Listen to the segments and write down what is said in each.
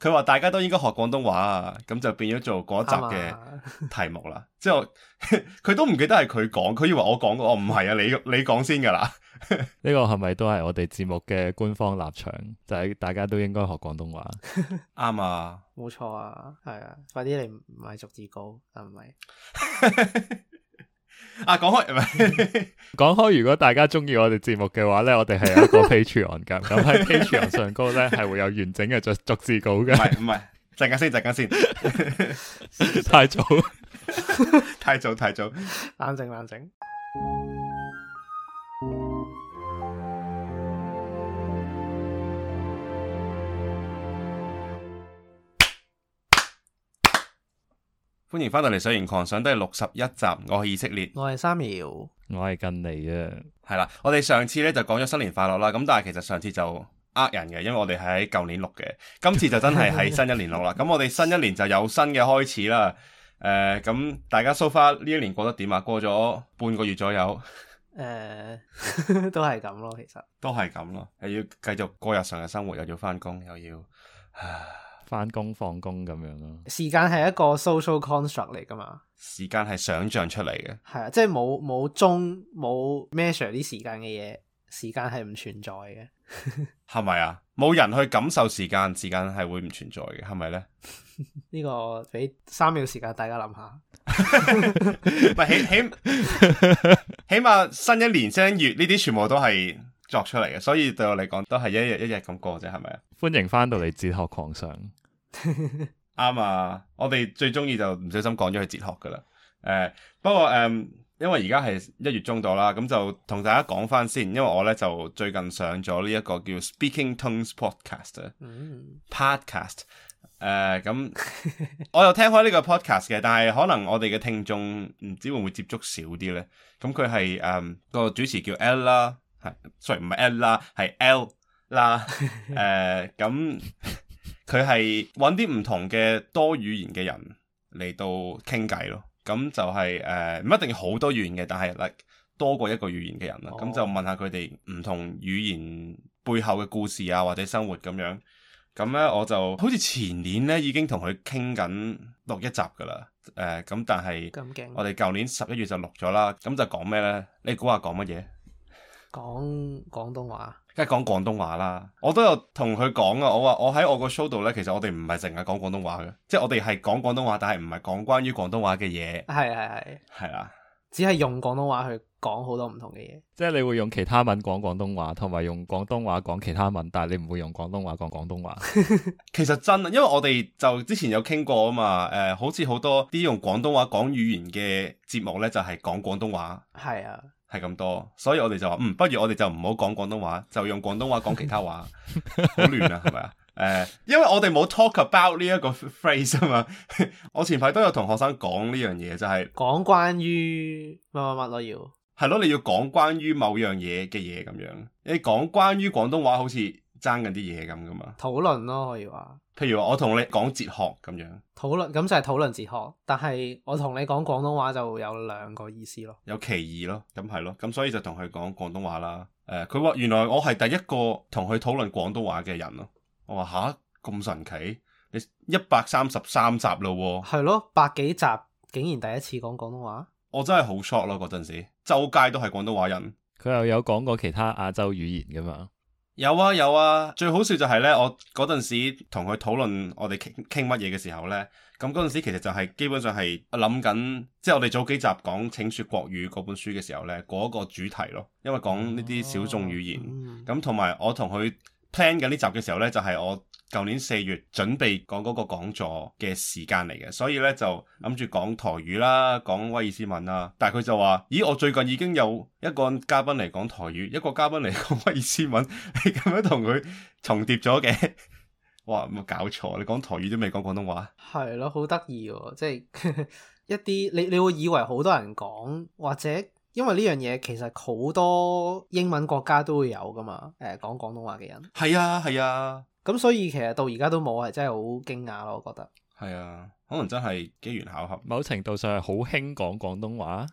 佢話大家都應該學廣東話啊，咁就變咗做嗰一集嘅題目啦。之後佢都唔記得係佢講，佢以為我講過，我唔係啊，你你講先噶啦。呢 個係咪都係我哋節目嘅官方立場？就係、是、大家都應該學廣東話。啱啊，冇錯啊，係啊，快啲嚟買逐字稿，係咪？ 啊，講開唔係，講 開。如果大家中意我哋節目嘅話咧，我哋係有一個 Patreon 噶。咁喺 Patreon 上高咧，係 會有完整嘅作逐字稿嘅。唔係，唔係，陣間先，陣間先， 太早， 太早，太早，太早，冷靜，冷靜。歡迎翻到嚟《絮言．狂想》都係六十一集，我係以色列，我係三苗，我係近嚟嘅，係啦。我哋上次咧就講咗新年快樂啦，咁但係其實上次就呃人嘅，因為我哋係喺舊年錄嘅，今次就真係喺新一年錄啦。咁 我哋新一年就有新嘅開始啦。誒、呃，咁大家 so far 呢一年過得點啊？過咗半個月左右，誒、呃， 都係咁咯，其實都係咁咯，又要繼續過日常嘅生活，又要翻工，又要啊。翻工放工咁樣咯、啊，時間係一個 social construct 嚟噶嘛？時間係想象出嚟嘅，係啊，即係冇冇鐘冇 measure 啲時間嘅嘢，時間係唔存在嘅，係 咪啊？冇人去感受時間，時間係會唔存在嘅，係咪咧？呢 個俾三秒時間大家諗下， 唔係起起起碼新一年、新一月呢啲全部都係作出嚟嘅，所以對我嚟講都係一日一日咁過啫，係咪啊？歡迎翻到嚟哲學狂想。啱、 嗯、啊！我哋最中意就唔小心講咗佢哲學噶啦。誒、呃，不過誒、嗯，因為而家係一月中度啦，咁就同大家講翻先。因為我咧就最近上咗呢一個叫 Speaking Tongues Podcast，Podcast、啊。誒、嗯，咁、 呃嗯、我又聽開呢個 Podcast 嘅，但係可能我哋嘅聽眾唔知會唔會接觸少啲咧？咁佢係誒個主持叫、e、lla，係 l 啦，a 係 sorry 唔係 l 啦，a 係 l 啦。誒、呃，咁、嗯。嗯 佢係揾啲唔同嘅多語言嘅人嚟到傾偈咯，咁就係誒唔一定要好多語言嘅，但係多過一個語言嘅人啦。咁、哦、就問下佢哋唔同語言背後嘅故事啊，或者生活咁樣。咁呢，我就好似前年呢已經同佢傾緊錄一集噶啦，誒、呃、咁，但係我哋舊年十一月就錄咗啦。咁就講咩呢？你估下講乜嘢？講廣東話。即係講廣東話啦，我都有同佢講啊。我話我喺我個 show 度咧，其實我哋唔係淨係講廣東話嘅，即係我哋係講廣東話，但係唔係講關於廣東話嘅嘢。係係係。係啦，只係用廣東話去講好多唔同嘅嘢。即係你會用其他文講廣東話，同埋用廣東話講其他文，但係你唔會用廣東話講廣東話。其實真啊，因為我哋就之前有傾過啊嘛。誒，好似好多啲用廣東話講語言嘅節目咧，就係講廣東話。係啊。係咁多，所以我哋就話，嗯，不如我哋就唔好講廣東話，就用廣東話講其他話，好 亂啊，係咪啊？誒、呃，因為我哋冇 talk about 呢一個 phrase 啊嘛，我前排都有同學生講呢樣嘢，就係、是、講關於乜乜乜咯，什麼什麼要係咯，你要講關於某樣嘢嘅嘢咁樣，你講關於廣東話好似。爭緊啲嘢咁噶嘛？討論咯，可以話。譬如話我同你講哲學咁樣，討論咁就係討論哲學。但係我同你講廣東話就有兩個意思咯，有歧義咯，咁係咯。咁所以就同佢講廣東話啦。誒、呃，佢話原來我係第一個同佢討論廣東話嘅人咯。我話吓咁神奇，你一百三十三集啦，係咯，百幾集竟然第一次講廣東話。我真係好 short 咯，嗰陣時周街都係廣東話人。佢又有講過其他亞洲語言噶嘛？有啊有啊，最好笑就係呢，我嗰陣時同佢討論我哋傾傾乜嘢嘅時候呢。咁嗰陣時其實就係基本上係諗緊，即係我哋早幾集講請説國語嗰本書嘅時候呢，嗰個主題咯，因為講呢啲小眾語言，咁同埋我同佢 plan 緊呢集嘅時候呢，就係我。舊年四月準備講嗰個講座嘅時間嚟嘅，所以呢就諗住講台語啦，講威爾斯文啦，但係佢就話，咦，我最近已經有一個嘉賓嚟講台語，一個嘉賓嚟講威爾斯文， 你咁樣同佢重疊咗嘅。哇，有冇搞錯，你講台語都未講廣東話？係咯、啊，好得意喎！即係 一啲，你你會以為好多人講，或者因為呢樣嘢其實好多英文國家都會有㗎嘛？誒，講廣東話嘅人係啊，係啊。咁所以其實到而家都冇，係真係好驚訝咯，我覺得，啊。係啊，可能真係機緣巧合。某程度上係好興講廣東話。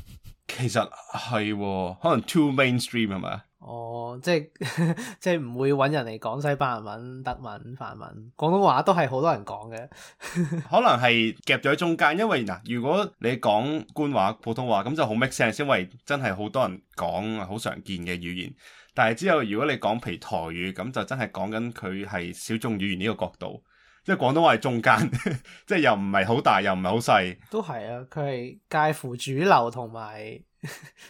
其實係，哦，可能 too mainstream 係咪哦，即係 即係唔會揾人嚟講西班牙文、德文、梵文，廣東話都係好多人講嘅。 可能係夾咗喺中間，因為嗱、呃，如果你講官話、普通話，咁就好 make sense，因為真係好多人講，好常見嘅語言。但係之後，如果你講皮陀語，咁就真係講緊佢係小眾語言呢個角度，即係廣東話係中間， 即係又唔係好大，又唔係好細，都係啊！佢係介乎主流同埋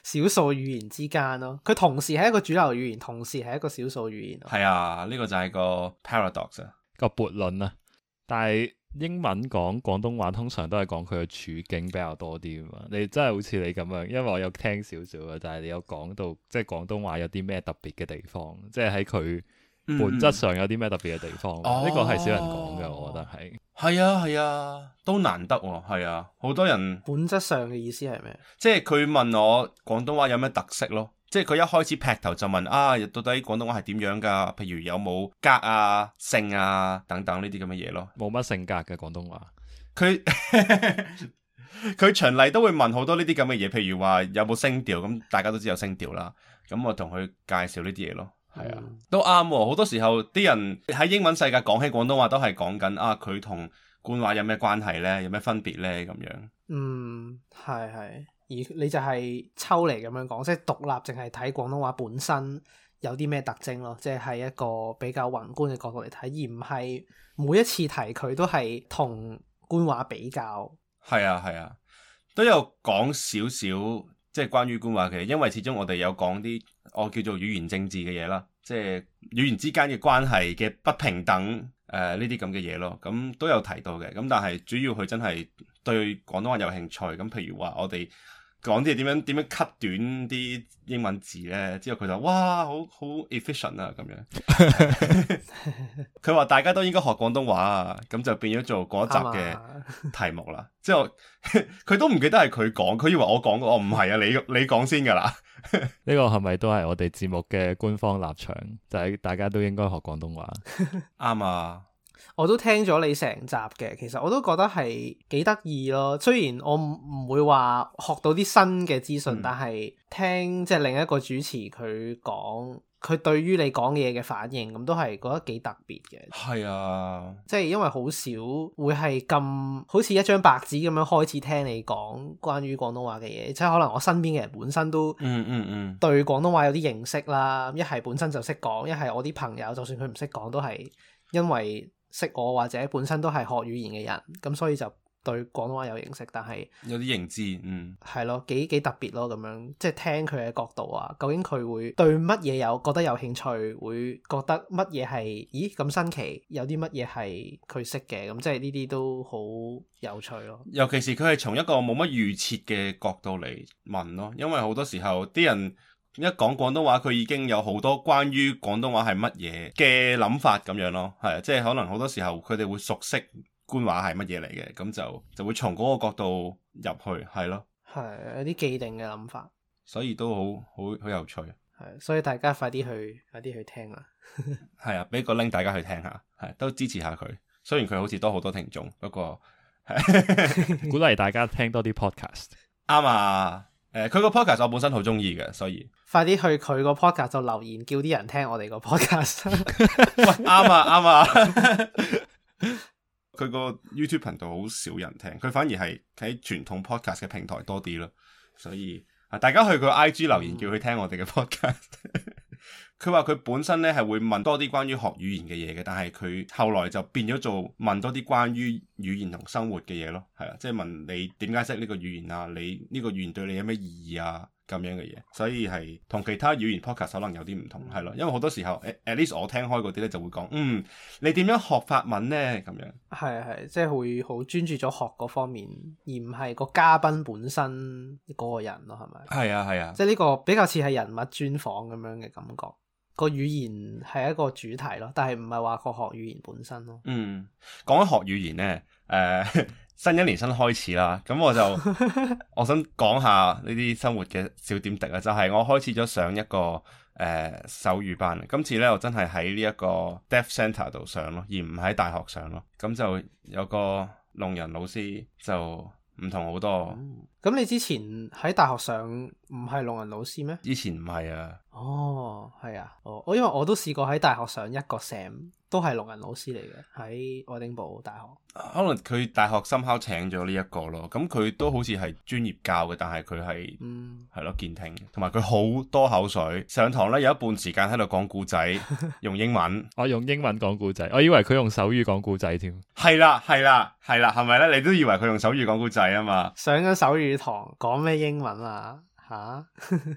少數語言之間咯，佢同時係一個主流語言，同時係一個少數語言，係啊！呢個就係個 paradox 啊，個悖論啊！但係。英文講廣東話通常都係講佢嘅處境比較多啲啊嘛，你真係好似你咁樣，因為我有聽少少嘅，但係你有講到即係廣東話有啲咩特別嘅地方，即係喺佢本質上有啲咩特別嘅地方，呢個係少人講嘅，哦、我覺得係。係啊，係啊，都難得，係啊，好多人。本質上嘅意思係咩？即係佢問我廣東話有咩特色咯？即係佢一開始劈頭就問啊，到底廣東話係點樣噶？譬如有冇格啊、性啊等等呢啲咁嘅嘢咯？冇乜性格嘅廣東話。佢佢他 循例都會問好多呢啲咁嘅嘢，譬如話有冇聲調咁，大家都知有聲調啦。咁我同佢介紹呢啲嘢咯。係啊，都啱、啊。好多時候啲人喺英文世界講起廣東話都，都係講緊啊，佢同官話有咩關係呢？有咩分別呢？咁樣，嗯，係係。而你就係抽離咁樣講，即係獨立，淨係睇廣東話本身有啲咩特徵咯。即係一個比較宏觀嘅角度嚟睇，而唔係每一次提佢都係同官話比較。係啊係啊，都有講少少。即係關於官話嘅，因為始終我哋有講啲我叫做語言政治嘅嘢啦，即係語言之間嘅關係嘅不平等，誒呢啲咁嘅嘢咯，咁都有提到嘅，咁但係主要佢真係對廣東話有興趣，咁譬如話我哋。講啲嘢點樣點樣 cut 短啲英文字咧，之後佢就哇好好 efficient 啊咁樣。佢 話大家都應該學廣東話啊，咁就變咗做嗰一集嘅題目啦。 之後佢都唔記得係佢講，佢以為我講過。我唔係啊，你你講先噶啦。呢 個係咪都係我哋節目嘅官方立場？就係、是、大家都應該學廣東話。啱啊。我都聽咗你成集嘅，其實我都覺得係幾得意咯。雖然我唔會話學到啲新嘅資訊，嗯、但係聽即係、就是、另一個主持佢講，佢對於你講嘢嘅反應，咁都係覺得幾特別嘅。係是啊，即係因為好少會係咁好似一張白紙咁樣開始聽你講關於廣東話嘅嘢，即係可能我身邊嘅人本身都，嗯嗯嗯，對廣東話有啲認識啦。一係、嗯嗯嗯、本身就識講，一係我啲朋友就算佢唔識講，都係因為。識我或者本身都係學語言嘅人，咁所以就對廣東話有認識，但係有啲認知，嗯，係咯，幾幾特別咯，咁樣即係聽佢嘅角度啊，究竟佢會對乜嘢有覺得有興趣，會覺得乜嘢係，咦咁新奇，有啲乜嘢係佢識嘅，咁即係呢啲都好有趣咯。尤其是佢係從一個冇乜預設嘅角度嚟問咯，因為好多時候啲人。一講廣東話，佢已經有好多關於廣東話係乜嘢嘅諗法咁樣咯，係啊，即係可能好多時候佢哋會熟悉官話係乜嘢嚟嘅，咁就就會從嗰個角度入去係咯，係啊，有啲既定嘅諗法，所以都好好好有趣，係所以大家快啲去快啲去聽小_ vidare 啊，係啊，俾個 link 大家去聽下，係都支持下佢，雖然佢好似多好多聽眾，不過鼓勵 什麼大家聽多啲 podcast，啱啊。誒，佢個、呃、podcast 我本身好中意嘅，所以快啲去佢個 podcast 就留言叫啲人聽我哋個 podcast。喂，啱啊啱啊，佢個、啊、 YouTube 頻道好少人聽，佢反而係喺傳統 podcast 嘅平台多啲咯，所以啊， 大家去佢 IG 留言、嗯、叫佢聽我哋嘅 podcast。 佢話佢本身咧係會問多啲關於學語言嘅嘢嘅，但係佢後來就變咗做問多啲關於語言同生活嘅嘢咯，係啊，即係問你點解識呢個語言啊？你呢個語言對你有咩意義啊？咁樣嘅嘢，所以係同其他語言 podcast 可能有啲唔同，係咯、嗯，因為好多時候誒誒，at least 我聽開嗰啲咧就會講，「嗯，你點樣學法文呢？」咁樣係係，即係會好專注咗學嗰方面，而唔係個嘉賓本身嗰個人咯，係咪？係啊係啊，的即係呢個比較似係人物專訪咁樣嘅感覺。個語言係一個主題咯，但係唔係話個學語言本身咯。嗯，講緊學語言咧，誒、呃，新一年新開始啦，咁我就 我想講下呢啲生活嘅小點滴啊，就係、是、我開始咗上一個誒、呃、手語班，今次咧我真係喺呢一個 Deaf Center 度上咯，而唔喺大學上咯，咁就有個聾人老師就。唔同好多、嗯，咁你之前喺大學上唔係聾人老師咩？之前唔係啊，哦，係啊，哦，因為我都試過喺大學上一個 sam。都係聾人老師嚟嘅，喺愛丁堡大學。啊，可能佢大學深考請咗呢一個咯，咁佢都好似係專業教嘅，但係佢係係咯健聽，同埋佢好多口水，上堂呢有一半時間喺度講故仔 用英文。我用英文講故仔，我以為佢用手語講故仔添。係啦，係啦，係啦，係咪咧？你都以為佢用手語講故仔啊嘛？上咗手語堂講咩英文啊？啊，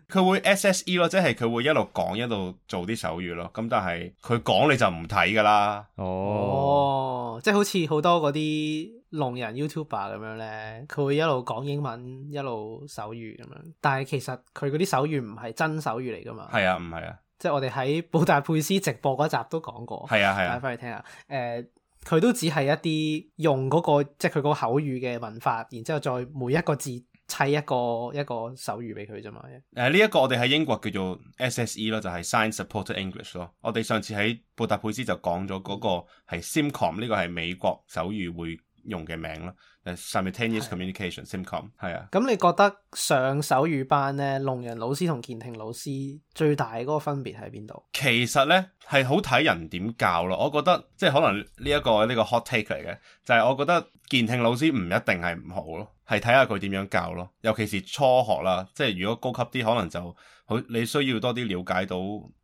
佢 會 SSE 咯，即係佢會一路講一路做啲手語咯。咁但係佢講你就唔睇噶啦。哦，哦，即係好似好多嗰啲聾人 YouTuber 咁樣咧，佢會一路講英文一路手語咁樣。但係其實佢嗰啲手語唔係真手語嚟噶嘛。係啊，唔係啊。即係我哋喺《布達佩斯》直播嗰集都講過。係啊，係啊，翻嚟、啊、聽下。誒、呃，佢都只係一啲用嗰、嗰個即係佢個口語嘅文法，然之後再每一個字。係一個一個手語俾佢啫嘛。誒、呃、呢、這、一個我哋喺英國叫做 SSE 咯，就係 Sign Supported English 咯。我哋上次喺布達佩斯就講咗嗰個係 Simcom，呢個係美國手語會用嘅名咯。誒 Simultaneous Communication，Simcom 係啊。咁的你覺得上手語班咧，聾人老師同健聽老師最大嗰個分別喺邊度？其實咧，係好睇人點教咯。我覺得即係可能呢、這、一個呢、嗯、個 hot take 嚟嘅，就係、是、我覺得健聽老師唔一定係唔好咯。係睇下佢點樣教咯，尤其是初學啦，即係如果高級啲，可能就你需要多啲了解到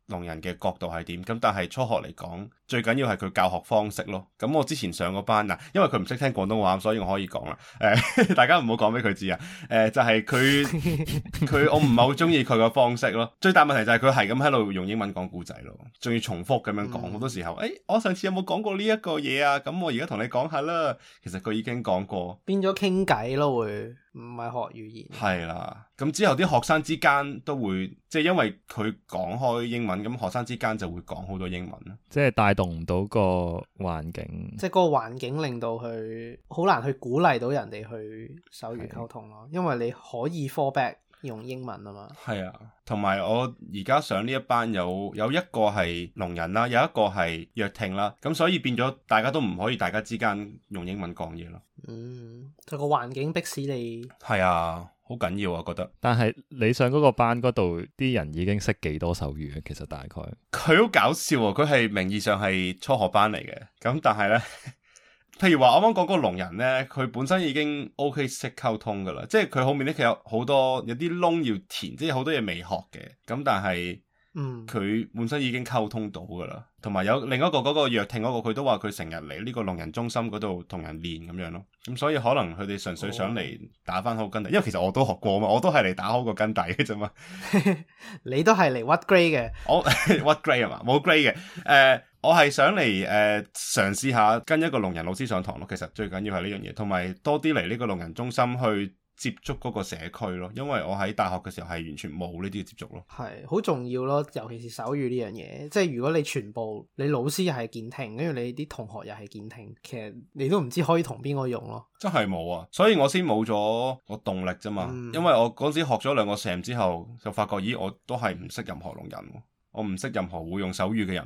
聾人嘅角度係點。咁但係初學嚟講。最緊要係佢教學方式咯，咁我之前上個班啊，因為佢唔識聽廣東話，所以我可以講啦，誒、哎，大家唔好講俾佢知啊，誒、哎，就係佢佢我唔係好中意佢嘅方式咯，最大問題就係佢係咁喺度用英文講故仔咯，仲要重複咁樣講，好、嗯、多時候，誒、哎，我上次有冇講過呢一個嘢啊？咁我而家同你講下啦，其實佢已經講過，變咗傾偈咯會，唔係學語言，係啦，咁之後啲學生之間都會，即係因為佢講開英文，咁學生之間就會講好多英文，即係帶融唔到個環境，即係嗰個環境令到佢好難去鼓勵到人哋去手語溝通咯、啊，啊、因為你可以 feedback 用英文啊嘛。係啊，同埋我而家上呢一班有有一個係聾人啦，有一個係弱聽啦，咁所以變咗大家都唔可以大家之間用英文講嘢咯。嗯，嗰個環境逼使你係啊。好緊要啊，我覺得。但係你上嗰個班嗰度啲人已經識幾多手語啊？其實大概。佢好搞笑啊！佢係名義上係初學班嚟嘅，咁但係咧， 譬如話啱啱講嗰個聾人咧，佢本身已經 OK 識溝通噶啦，即係佢後面咧其實好多有啲窿要填，即係好多嘢未學嘅，咁但係。嗯，佢本身已經溝通到噶啦，同埋有，有另一個嗰、那個弱聽嗰、那個，佢都話佢成日嚟呢個聾人中心嗰度同人練咁樣咯，咁所以可能佢哋純粹想嚟打返好根底，哦、因為其實我都學過嘛，我都係嚟打好個根底嘅啫嘛， 你都係嚟 what grade 嘅？ oh, what uh, 我 what grade 啊嘛，冇 grade 嘅，誒，我係想嚟誒嘗試下跟一個聾人老師上堂咯，其實最緊要係呢樣嘢，同埋多啲嚟呢個聾人中心去。接觸嗰個社區咯，因為我喺大學嘅時候係完全冇呢啲接觸咯。係好重要咯，尤其是手語呢樣嘢。即係如果你全部你老師又係健聽，跟住你啲同學又係健聽，其實你都唔知可以同邊個用咯。真係冇啊，所以我先冇咗個動力啫嘛。嗯、因為我嗰陣時學咗兩個 sem 之後，就發覺咦，我都係唔識任何聾人，我唔識任何會用手語嘅人，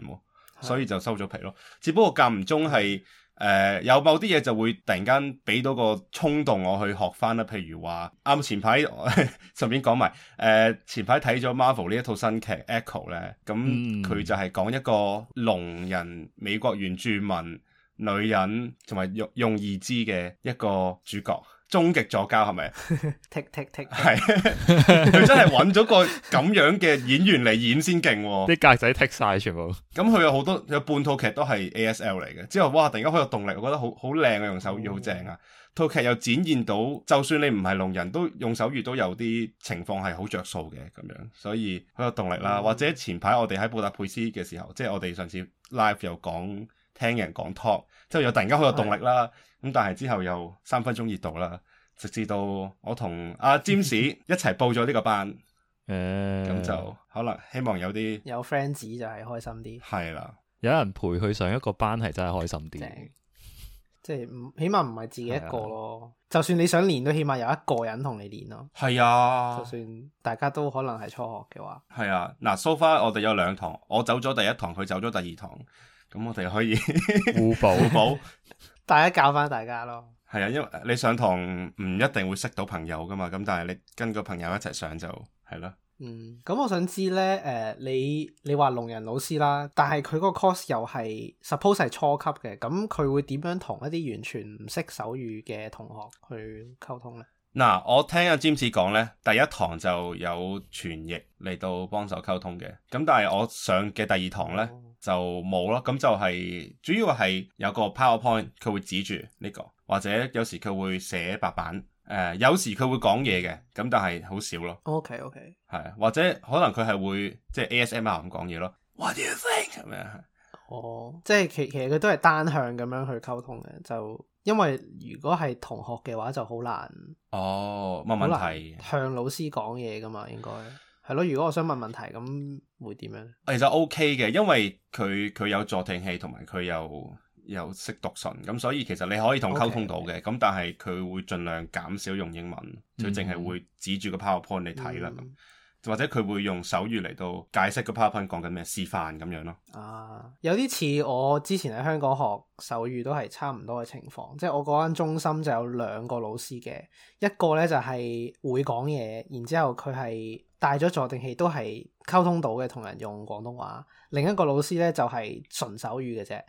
所以就收咗皮咯。是只不過間唔中係。誒、呃，有某啲嘢就會突然間俾到個衝動我去學翻啦，譬如話啱、 呃、前排順便講埋，誒前排睇咗 Marvel 呢一套新劇 Echo 咧，咁佢、嗯、就係講一個聾人美國原住民女人同埋用用義肢嘅一個主角。終極左膠係咪？剔剔剔，係，佢真係揾咗個咁樣嘅演員嚟演先勁、啊，啲架仔剔晒全部。咁佢有好多有半套劇都係 A S L 嚟嘅，之後哇，突然間好有動力，我覺得好好靚啊，用手語好正啊，嗯、套劇又展現到，就算你唔係聾人都用手語都有啲情況係好着數嘅咁樣，所以好有動力啦。嗯、或者前排我哋喺布達佩斯嘅時候，即係我哋上次 live 又講聽人講 talk，之後又突然間好有動力啦。咁但係之後又三分鐘熱度啦，直至到我同阿、啊、James 一齊報咗呢個班，咁、欸、就可能希望有啲有 friends 就係開心啲，係啦的，有人陪佢上一個班係真係開心啲，即係唔起碼唔係自己一個咯，的就算你想練都起碼有一個人同你練咯，係啊的，就算大家都可能係初學嘅話，係啊，嗱，so far 我哋有兩堂，我走咗第一堂，佢走咗第二堂，咁我哋可以 互補保。 大家教翻大家咯，係啊，因為你上堂唔一定會識到朋友噶嘛，咁但係你跟個朋友一齊上就係咯。嗯，咁我想知咧，誒、呃，你你話聾人老師啦，但係佢個 course 又係 suppose 係初級嘅，咁佢會點樣同一啲完全唔識手語嘅同學去溝通咧？嗱、嗯，我聽阿、啊、James 講咧，第一堂就有傳譯嚟到幫手溝通嘅，咁但係我上嘅第二堂咧。嗯就冇咯，咁就係主要係有個 PowerPoint 佢會指住呢、這個，或者有時佢會寫白板，誒、呃、有時佢會講嘢嘅，咁但係好少咯。OK OK 係，或者可能佢係會即係 ASMR 咁講嘢咯。What do you think？係咪啊？哦，嗯、即係其其實佢都係單向咁樣去溝通嘅，就因為如果係同學嘅話就好難。哦，問問題向老師講嘢㗎嘛？應該係咯。如果我想問問題咁。會點樣？其實 OK 嘅，因為佢佢有助聽器，同埋佢又又識讀唇，咁所以其實你可以同溝通到嘅。咁 Okay. 但係佢會盡量減少用英文，佢淨係會指住個 PowerPoint 嚟睇啦，嗯，或者佢會用手語嚟到解釋個 PowerPoint 講緊咩示範咁樣咯。啊，有啲似我之前喺香港學手語都係差唔多嘅情況，即係我嗰間中心就有兩個老師嘅，一個呢就係、是、會講嘢，然之後佢係。帶咗助聽器都係溝通到嘅，同人用廣東話。另一個老師咧就係、是、純手語嘅啫。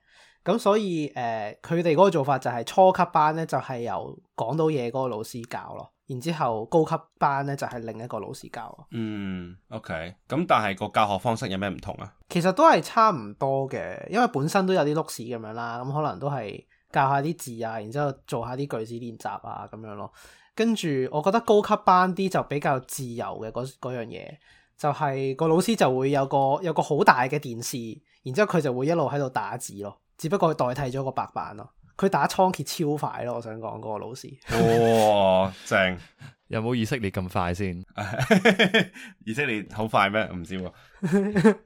咁所以誒，佢哋嗰個做法就係、是、初級班咧就係、是、由講到嘢嗰個老師教咯，然之後高級班咧就係、是、另一個老師教。嗯，OK。咁但係個教學方式有咩唔同啊？其實都係差唔多嘅，因為本身都有啲碌屎咁樣啦。咁可能都係教下啲字下啊，然之後做下啲句子練習啊，咁樣咯。跟住，我覺得高級班啲就比較自由嘅嗰樣嘢，就係個老師就會有個有個好大嘅電視，然之後佢就會一路喺度打字咯，只不過佢代替咗個白板咯，佢打倉頡超快咯，我想講嗰個老師。哇，正！ 有冇以色列咁快先？ 以色列好快咩？唔知喎、啊。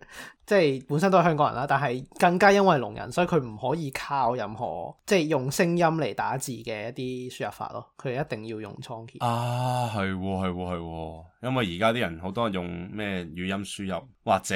即係本身都係香港人啦，但係更加因為聾人，所以佢唔可以靠任何即係用聲音嚟打字嘅一啲輸入法咯。佢一定要用倉頡。啊，係、哦，係、哦，係、哦哦。因為而家啲人好多用咩語音輸入，或者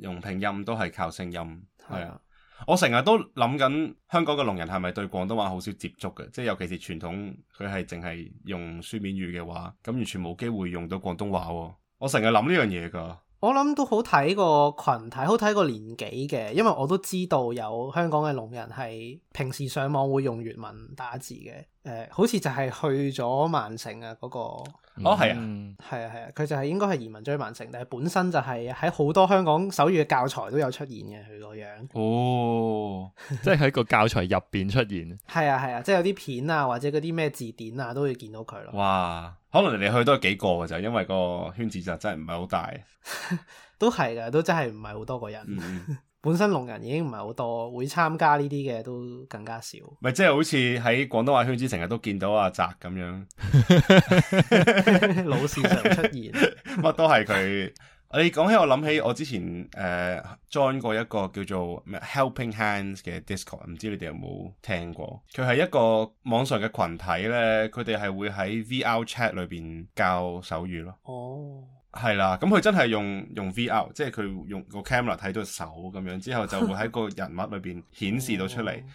用拼音都係靠聲音。係啊。我成日都諗緊香港嘅聾人係咪對廣東話好少接觸嘅？即係尤其是傳統佢係淨係用書面語嘅話，咁完全冇機會用到廣東話喎。我成日諗呢樣嘢㗎，我諗都好睇個群體，好睇個年紀嘅，因為我都知道有香港嘅聾人係平時上網會用粵文打字嘅，誒、呃，好似就係去咗萬城啊嗰、那個，嗯、哦係啊，係啊係啊，佢、啊啊、就係應該係移民追曼城，但係本身就係喺好多香港手語嘅教材都有出現嘅佢個樣，哦， 即係喺個教材入邊出現，係啊係啊，即係有啲片啊或者嗰啲咩字典啊都會見到佢咯，哇，可能嚟嚟去都係幾個嘅就係，因為個圈子就真係唔係好大， 都係噶、啊，都真係唔係好多個人。 嗯本身聾人已經唔係好多，會參加呢啲嘅都更加少。咪即係好似喺廣東話圈子成日都見到阿擇咁樣，老事實出現乜 都係佢。你講起我諗起我之前誒 join、呃、過一個叫做 Helping Hands 嘅 Discord，唔知你哋有冇聽過？佢係一個網上嘅群體咧，佢哋係會喺 VR chat 裏邊教手語咯。哦。係啦，咁佢真係用用 VR，即係佢用個 camera 睇到手咁樣，之後就會喺個人物裏邊顯示到出嚟。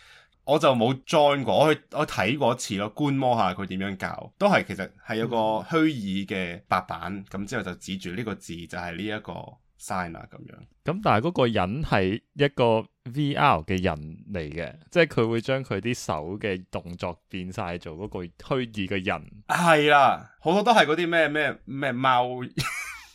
哦、我就冇 join 過，我去我睇過一次咯，觀摩下佢點樣教，都係其實係有個虛擬嘅白板，咁、嗯、之後就指住呢個字就係呢一個。sign 啊咁樣，咁、嗯、但係嗰個人係一個 VR 嘅人嚟嘅，即係佢會將佢啲手嘅動作變晒做嗰個虛擬嘅人。係啦、啊，好、啊、多都係嗰啲咩咩咩貓貓，唔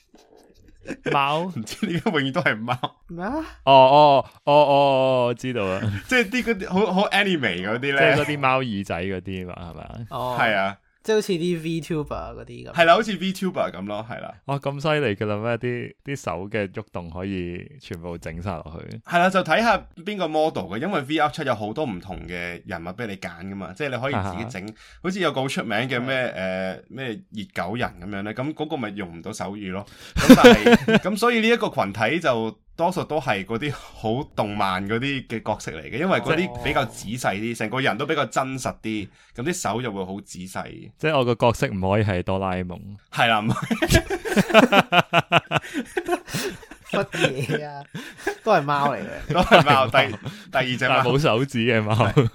貓 知 點解永遠都係貓咩啊？哦哦哦哦我知道啊，即係啲嗰啲好好 anime 嘅嗰啲咧，即係嗰啲貓耳仔嗰啲嘛，係咪啊？哦，係啊。即係好似啲 Vtuber 嗰啲咁，係啦，好似 Vtuber 咁咯，係啦。哇，咁犀利噶啦咩？啲啲手嘅喐動可以全部整晒落去。係啦，就睇下邊個 model 嘅，因為 VR 出有好多唔同嘅人物俾你揀噶嘛。即係你可以自己整，啊、哈好似有個好出名嘅咩誒咩熱狗人咁樣咧。咁嗰個咪用唔到手語咯。咁 但係咁，所以呢一個群體就。多數都係嗰啲好動漫嗰啲嘅角色嚟嘅，因為嗰啲、哦、比較仔細啲，成個人都比較真實啲，咁啲手就會好仔細。即係我個角色唔可以係哆啦 A 夢。係啦，乜嘢啊？都係貓嚟嘅，都係貓。第第二隻係冇 手指嘅貓。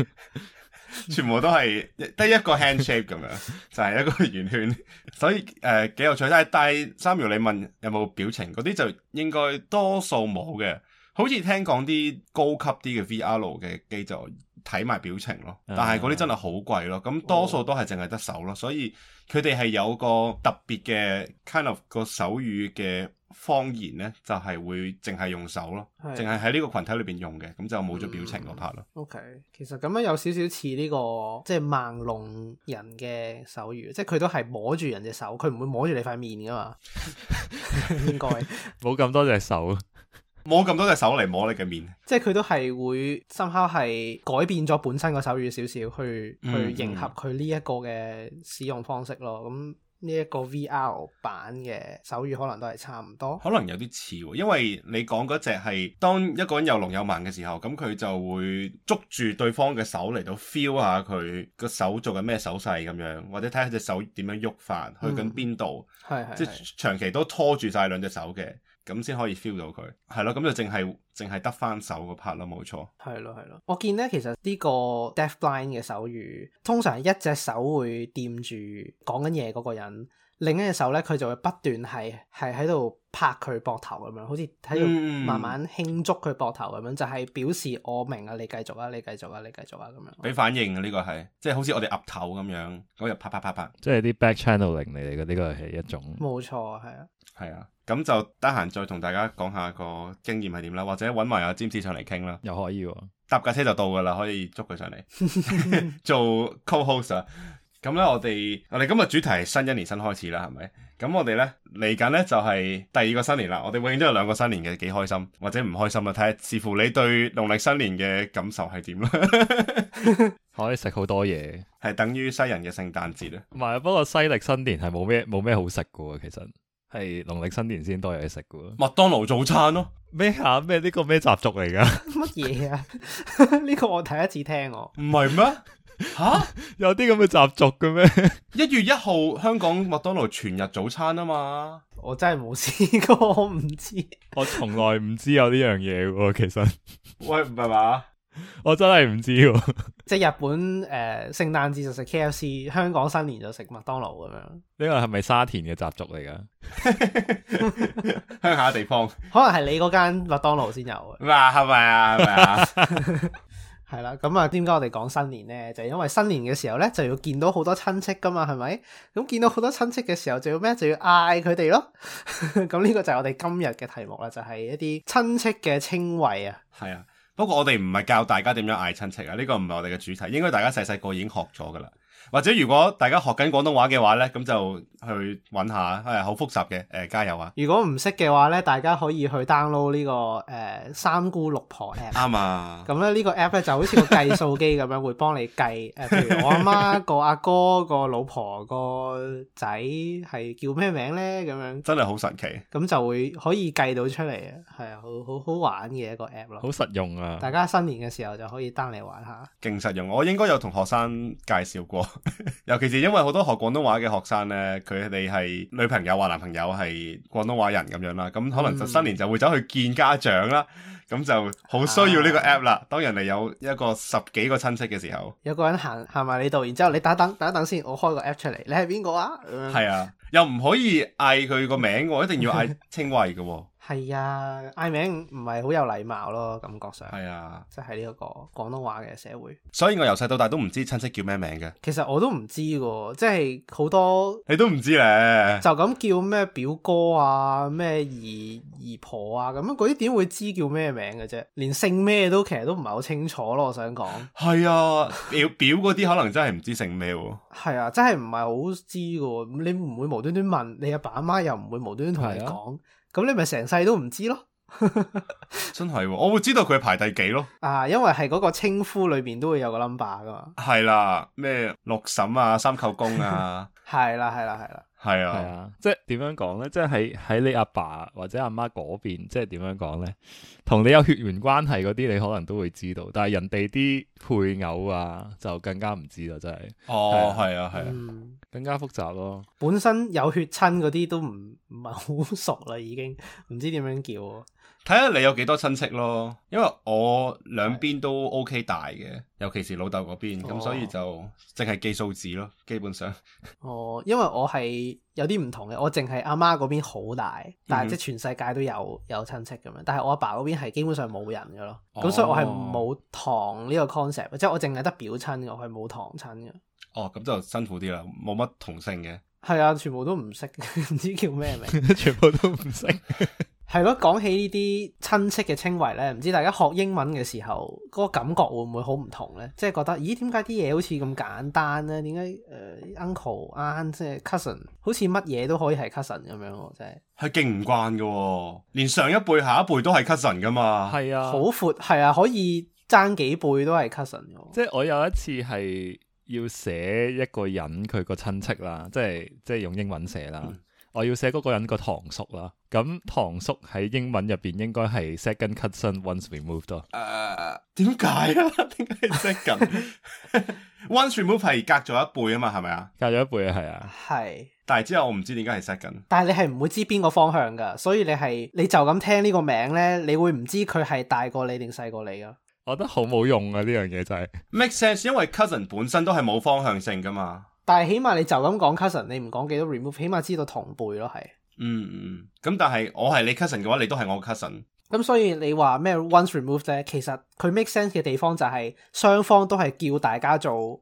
全部都係得一個 handshape 咁樣， 就係一個圓圈， 所以誒幾、呃、有趣。但係但係三秒你問有冇表情嗰啲就應該多數冇嘅，好似聽講啲高級啲嘅 VR 嘅機就。睇埋表情咯，但係嗰啲真係好貴咯。咁多數都係淨係得手咯，哦、所以佢哋係有個特別嘅 kind of 個手語嘅方言咧，就係、是、會淨係用手咯，淨係喺呢個群體裏邊用嘅，咁就冇咗表情嗰 part 咯。嗯、o、okay, K，其實咁樣有少少似呢個即係、就是、盲聾人嘅手語，即係佢都係摸住人隻手，佢唔會摸住你塊面噶嘛， 應該冇咁 多隻手。摸咁多隻手嚟摸你嘅面，即係佢都係會深刻係改變咗本身個手語少少，去、嗯嗯、去迎合佢呢一個嘅使用方式咯。咁呢一個 VR 版嘅手語可能都係差唔多，可能有啲似，因為你講嗰隻係當一個人有聾有盲嘅時候，咁佢就會捉住對方嘅手嚟到 feel 下佢個手做緊咩手勢咁樣，或者睇下隻手點樣喐法，嗯、去緊邊度，係係係即係長期都拖住晒兩隻手嘅。咁先可以 feel 到佢，係咯，咁就淨係淨係得翻手個拍咯，冇錯。係咯，係咯，我見咧，其實呢個 deafblind 嘅手語，通常係一隻手會掂住講緊嘢嗰個人，另一隻手咧佢就會不斷係係喺度。拍佢膊頭咁樣，好似喺度慢慢輕觸佢膊頭咁樣，嗯、就係表示我明啊，你繼續啊，你繼續啊，你繼續啊咁樣。俾反應呢、啊呢個係即係好似我哋岌頭咁樣，咁又啪啪啪啪。啪即係啲 backchanneling 嚟嘅，呢、呢個係一種。冇錯，係啊。係啊，咁就得閒再同大家講下個經驗係點啦，或者揾埋阿詹士上嚟傾啦。又可以搭、啊、架車就到㗎啦，可以捉佢上嚟 做 co-host 啊。咁咧，我哋我哋今日主題係新一年新開始啦，係咪？咁我哋咧嚟緊咧就係第二個新年啦。我哋永遠都有兩個新年嘅，幾開心或者唔開心啊？睇下視乎你對農曆新年嘅感受係點啦。可以食好多嘢，係等於西人嘅聖誕節啦。唔係，不過西曆新年係冇咩冇咩好食噶喎。其實係農曆新年先多嘢食噶。麥當勞早餐咯？咩啊？咩呢個咩習俗嚟噶？乜嘢啊？呢、這個 啊這個我第一次聽我，我唔係咩？ 吓蛤有啲咁嘅習俗嘅咩？一月一號香港麥當勞全日早餐啊嘛，我真係冇試過，我唔知， 我從來唔知有呢樣嘢嘅。其實喂唔係嘛，我真係唔知。即係日本誒，聖誕節就食 K F C，香港新年就食麥當勞咁樣。呢個係咪沙田嘅習俗嚟噶？鄉 下地方 可能係你嗰間麥當勞先有啊？係咪啊？係咪啊？ 係啦，咁啊，點解我哋講新年呢？就係、因為新年嘅時候呢，就要見到好多親戚噶嘛，係咪？咁見到好多親戚嘅時候就，就要咩？ 就要嗌佢哋咯。咁呢個就係我哋今日嘅題目啦，就係一啲親戚嘅稱謂啊。係啊，不過我哋唔係教大家點樣嗌親戚啊，呢、呢個唔係我哋嘅主題，應該大家細細個已經學咗噶啦。或者如果大家學緊廣東話嘅話呢，咁就去揾下，係、哎、好複雜嘅，誒、呃，加油啊！如果唔識嘅話呢，大家可以去 download 呢、這個誒、呃、三姑六婆 app。啱、嗯、啊！咁咧呢個 app 咧就好似個計數機咁樣， 會幫你計、呃、譬如我阿媽個阿哥個老婆個仔係叫咩名呢？咁樣真係好神奇，咁就會可以計到出嚟，係啊，好好好玩嘅一個 app 咯，好實用啊！大家新年嘅時候就可以 down 嚟玩下，勁實用。我應該有同學生介紹過。 尤其是因為好多學廣東話嘅學生呢，佢哋係女朋友或男朋友係廣東話人咁樣啦，咁可能就新年就會走去見家長啦，咁、嗯、就好需要呢個 app 啦。啊、當人哋有一個十幾個親戚嘅時候，有個人行行埋你度，然之後你等等，等等先，我開個 app 出嚟，你係邊個啊？係、嗯、啊，又唔可以嗌佢個名嘅， 一定要嗌稱謂嘅。係啊，嗌名唔係好有禮貌咯，感覺上係啊，即係呢個廣東話嘅社會。所以我由細到大都唔知親戚叫咩名嘅。其實我都唔知噶，即係好多你都唔知咧。就咁叫咩表哥啊，咩姨姨婆啊，咁樣嗰啲點會知叫咩名嘅啫？連姓咩都其實都唔係好清楚咯。我想講，係啊，表表嗰啲可能真係唔知姓咩。係 啊，真係唔係好知噶。你唔會無端端問你阿爸阿媽，又唔會無端端同你講。咁你咪成世都唔知咯， 真係、哦，我會知道佢排第幾咯。啊，因為係嗰個稱呼裏邊都會有個 number 噶嘛，係啦，咩六嬸啊，三舅公啊。係啦， 係啦，係啦。係啊，係啊，即係點樣講咧？即係喺喺你阿爸，爸或者阿媽嗰邊，即係點樣講咧？同你有血緣關係嗰啲，你可能都會知道，但係人哋啲配偶啊，就更加唔知啦，真係。哦，係啊，係啊，啊嗯、更加複雜咯。本身有血親嗰啲都唔唔係好熟啦，已經，唔知點樣叫。睇下你有幾多親戚咯，因為我兩邊都 OK 大嘅，尤其是老豆嗰邊，咁、哦、所以就淨係記數字咯，基本上。哦，因為我係有啲唔同嘅，我淨係阿媽嗰邊好大，但係即係全世界都有有親戚咁樣，但係我阿爸嗰邊係基本上冇人嘅咯，咁、哦、所以我係冇堂呢個 concept，即係我淨係得表親我係冇堂親嘅哦，咁就辛苦啲啦，冇乜同姓嘅。係啊，全部都唔識，唔知叫咩名， 全部都唔識。 係咯，講起親呢啲親戚嘅稱謂咧，唔知大家學英文嘅時候，嗰個感覺會唔會好唔同咧？即係覺得，咦，點解啲嘢好似咁簡單咧？點解誒，uncle、aunt、呃？即係 cousin，好似乜嘢都可以係 cousin 咁樣？即係係勁唔慣噶，連上一輩、下一輩都係 cousin 噶嘛？係啊，好闊係啊，可以爭幾輩都係 cousin。即係我有一次係要寫一個人佢個親戚啦，即係即係用英文寫啦。嗯我要寫嗰個人個堂叔啦，咁堂叔喺英文入邊應該係 second cousin once removed 咯。Uh，誒，點解啊？點解係 second？ once removed 係隔咗一輩啊嘛，係咪啊？隔咗一輩啊，係啊。係。但係之後我唔知點解係 second。但係你係唔會知邊個方向噶，所以你係你就咁聽呢個名咧，你會唔知佢係大過你定細過你啊？我覺得好冇用啊！呢樣嘢就係、係。Makes sense，因為 cousin 本身都係冇方向性噶嘛。但係起碼你就咁講 cousin，你唔講幾多 remove，起碼知道同輩咯，係、嗯。嗯嗯，咁但係我係你 cousin 嘅話，你都係我 cousin。咁、嗯、所以你話咩 once removed 啫？其實佢 make sense 嘅地方就係雙方都係叫大家做。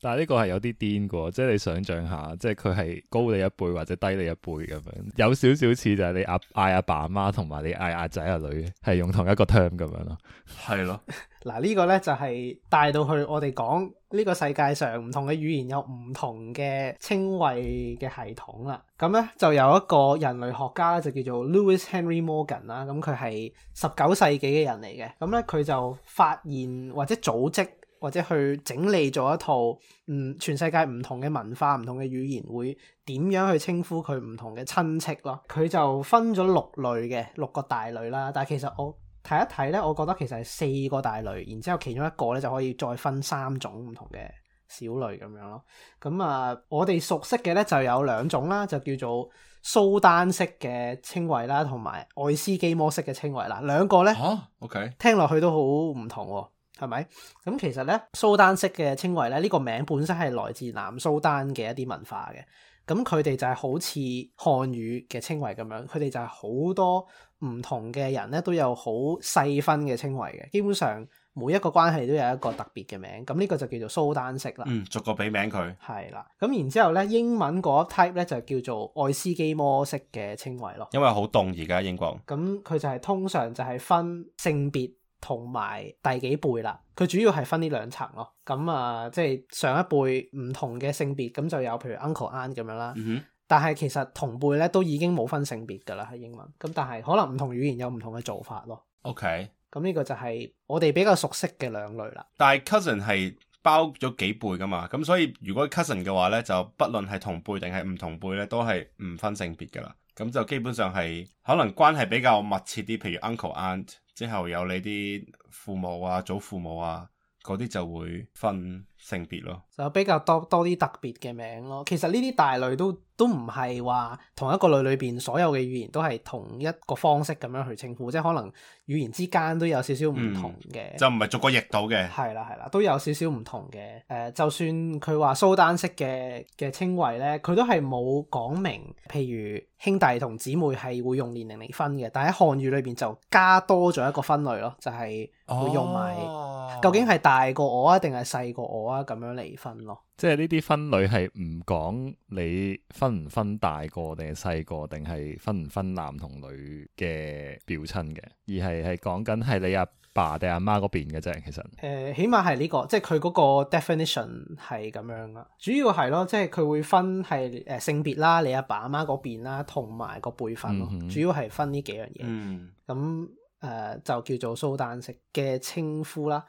但係呢個係有啲癲嘅，即係你想象下，即係佢係高你一輩或者低你一輩咁樣，有少少似就係你阿嗌阿爸阿媽同埋你嗌阿仔阿女，係用同一個 term 咁樣咯。係咯，嗱呢個咧就係帶到去我哋講呢個世界上唔同嘅語言有唔同嘅稱謂嘅系統啦。咁咧就有一個人類學家咧就叫做 Lewis Henry Morgan 啦。咁佢係十九世紀嘅人嚟嘅。咁咧佢就發現或者組織。或者去整理咗一套，嗯，全世界唔同嘅文化、唔同嘅語言會點樣去稱呼佢唔同嘅親戚咯。佢就分咗六類嘅六個大類啦。但係其實我睇一睇咧，我覺得其實係四個大類，然之後其中一個咧就可以再分三種唔同嘅小類咁樣咯。咁、嗯、啊，我哋熟悉嘅咧就有兩種啦，就叫做蘇丹式嘅稱謂啦，同埋愛斯基摩式嘅稱謂啦。兩個咧嚇、啊，OK，聽落去都好唔同、啊。係咪？咁其實咧，蘇丹式嘅稱謂咧，呢個名本身係來自南蘇丹嘅一啲文化嘅。咁佢哋就係好似漢語嘅稱謂咁樣，佢哋就係好多唔同嘅人咧都有好細分嘅稱謂嘅。基本上每一個關係都有一個特別嘅名。咁呢個就叫做蘇丹式啦。嗯，逐個俾名佢。係啦。咁然之後咧，英文嗰 type 咧就叫做愛斯基摩式嘅稱謂咯。因為好凍而家英國。咁佢就係通常就係分性別。同埋第幾輩啦，佢主要係分呢兩層咯。咁、嗯、啊，即係上一輩唔同嘅性別，咁就有譬如 uncle aunt 咁樣啦。嗯、哼但係其實同輩咧都已經冇分性別噶啦，喺英文。咁但係可能唔同語言有唔同嘅做法咯。OK，咁呢個就係我哋比較熟悉嘅兩類啦。但係 cousin 係包咗幾輩噶嘛，咁所以如果 cousin 嘅話咧，就不論係同輩定係唔同輩咧，都係唔分性別噶啦。咁就基本上係可能關係比較密切啲，譬如 uncle aunt 之後有你啲父母啊、祖父母啊嗰啲，就會分性別咯，就比較多多啲特別嘅名咯。其實呢啲大類都。都唔係話同一個類裏邊所有嘅語言都係同一個方式咁樣去稱呼，即係可能語言之間都有少少唔同嘅、嗯，就唔係逐個譯到嘅。係啦係啦，都有少少唔同嘅。誒、呃，就算佢話蘇丹式嘅嘅稱謂呢，佢都係冇講明，譬如兄弟同姊妹係會用年齡嚟分嘅，但喺漢語裏邊就加多咗一個分類咯，就係、是、會用埋、哦。究竟係大過我啊，定係細過我啊？咁樣離婚咯？即係呢啲分類係唔講你分唔分大個定係細個，定係分唔分男同女嘅表親嘅，而係係講緊係你阿爸定阿媽嗰邊嘅啫。其實誒、呃，起碼係呢個，即係佢嗰個 definition 係咁樣啦。主要係咯，即係佢會分係誒、呃、性別啦，你阿爸阿媽嗰邊啦，同埋個輩分咯。嗯、哼主要係分呢幾樣嘢。嗯，咁、嗯。誒，uh, 就叫做蘇丹式嘅稱呼啦。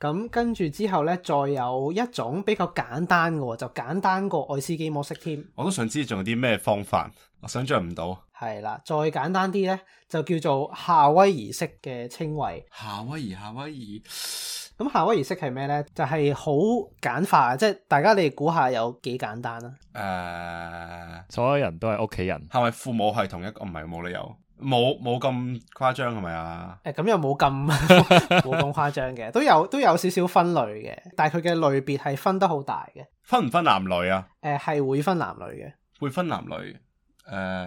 咁跟住之後咧，再有一種比較簡單嘅，就簡單過愛斯基摩式添。我都想知仲有啲咩方法，我想象唔到。係啦，再簡單啲咧，就叫做夏威夷式嘅稱謂。夏威夷，夏威夷。咁夏威夷式係咩咧？就係、是、好簡化，即、就、係、是、大家你估下有幾簡單啦。誒，uh, 所有人都係屋企人，係咪父母係同一個？唔係，冇理由。冇冇咁誇張係咪啊？誒，咁又冇咁冇咁誇張嘅，都有都有少少分類嘅，但係佢嘅類別係分得好大嘅。分唔分男女啊？誒、呃，係會分男女嘅、呃。會分男女誒，係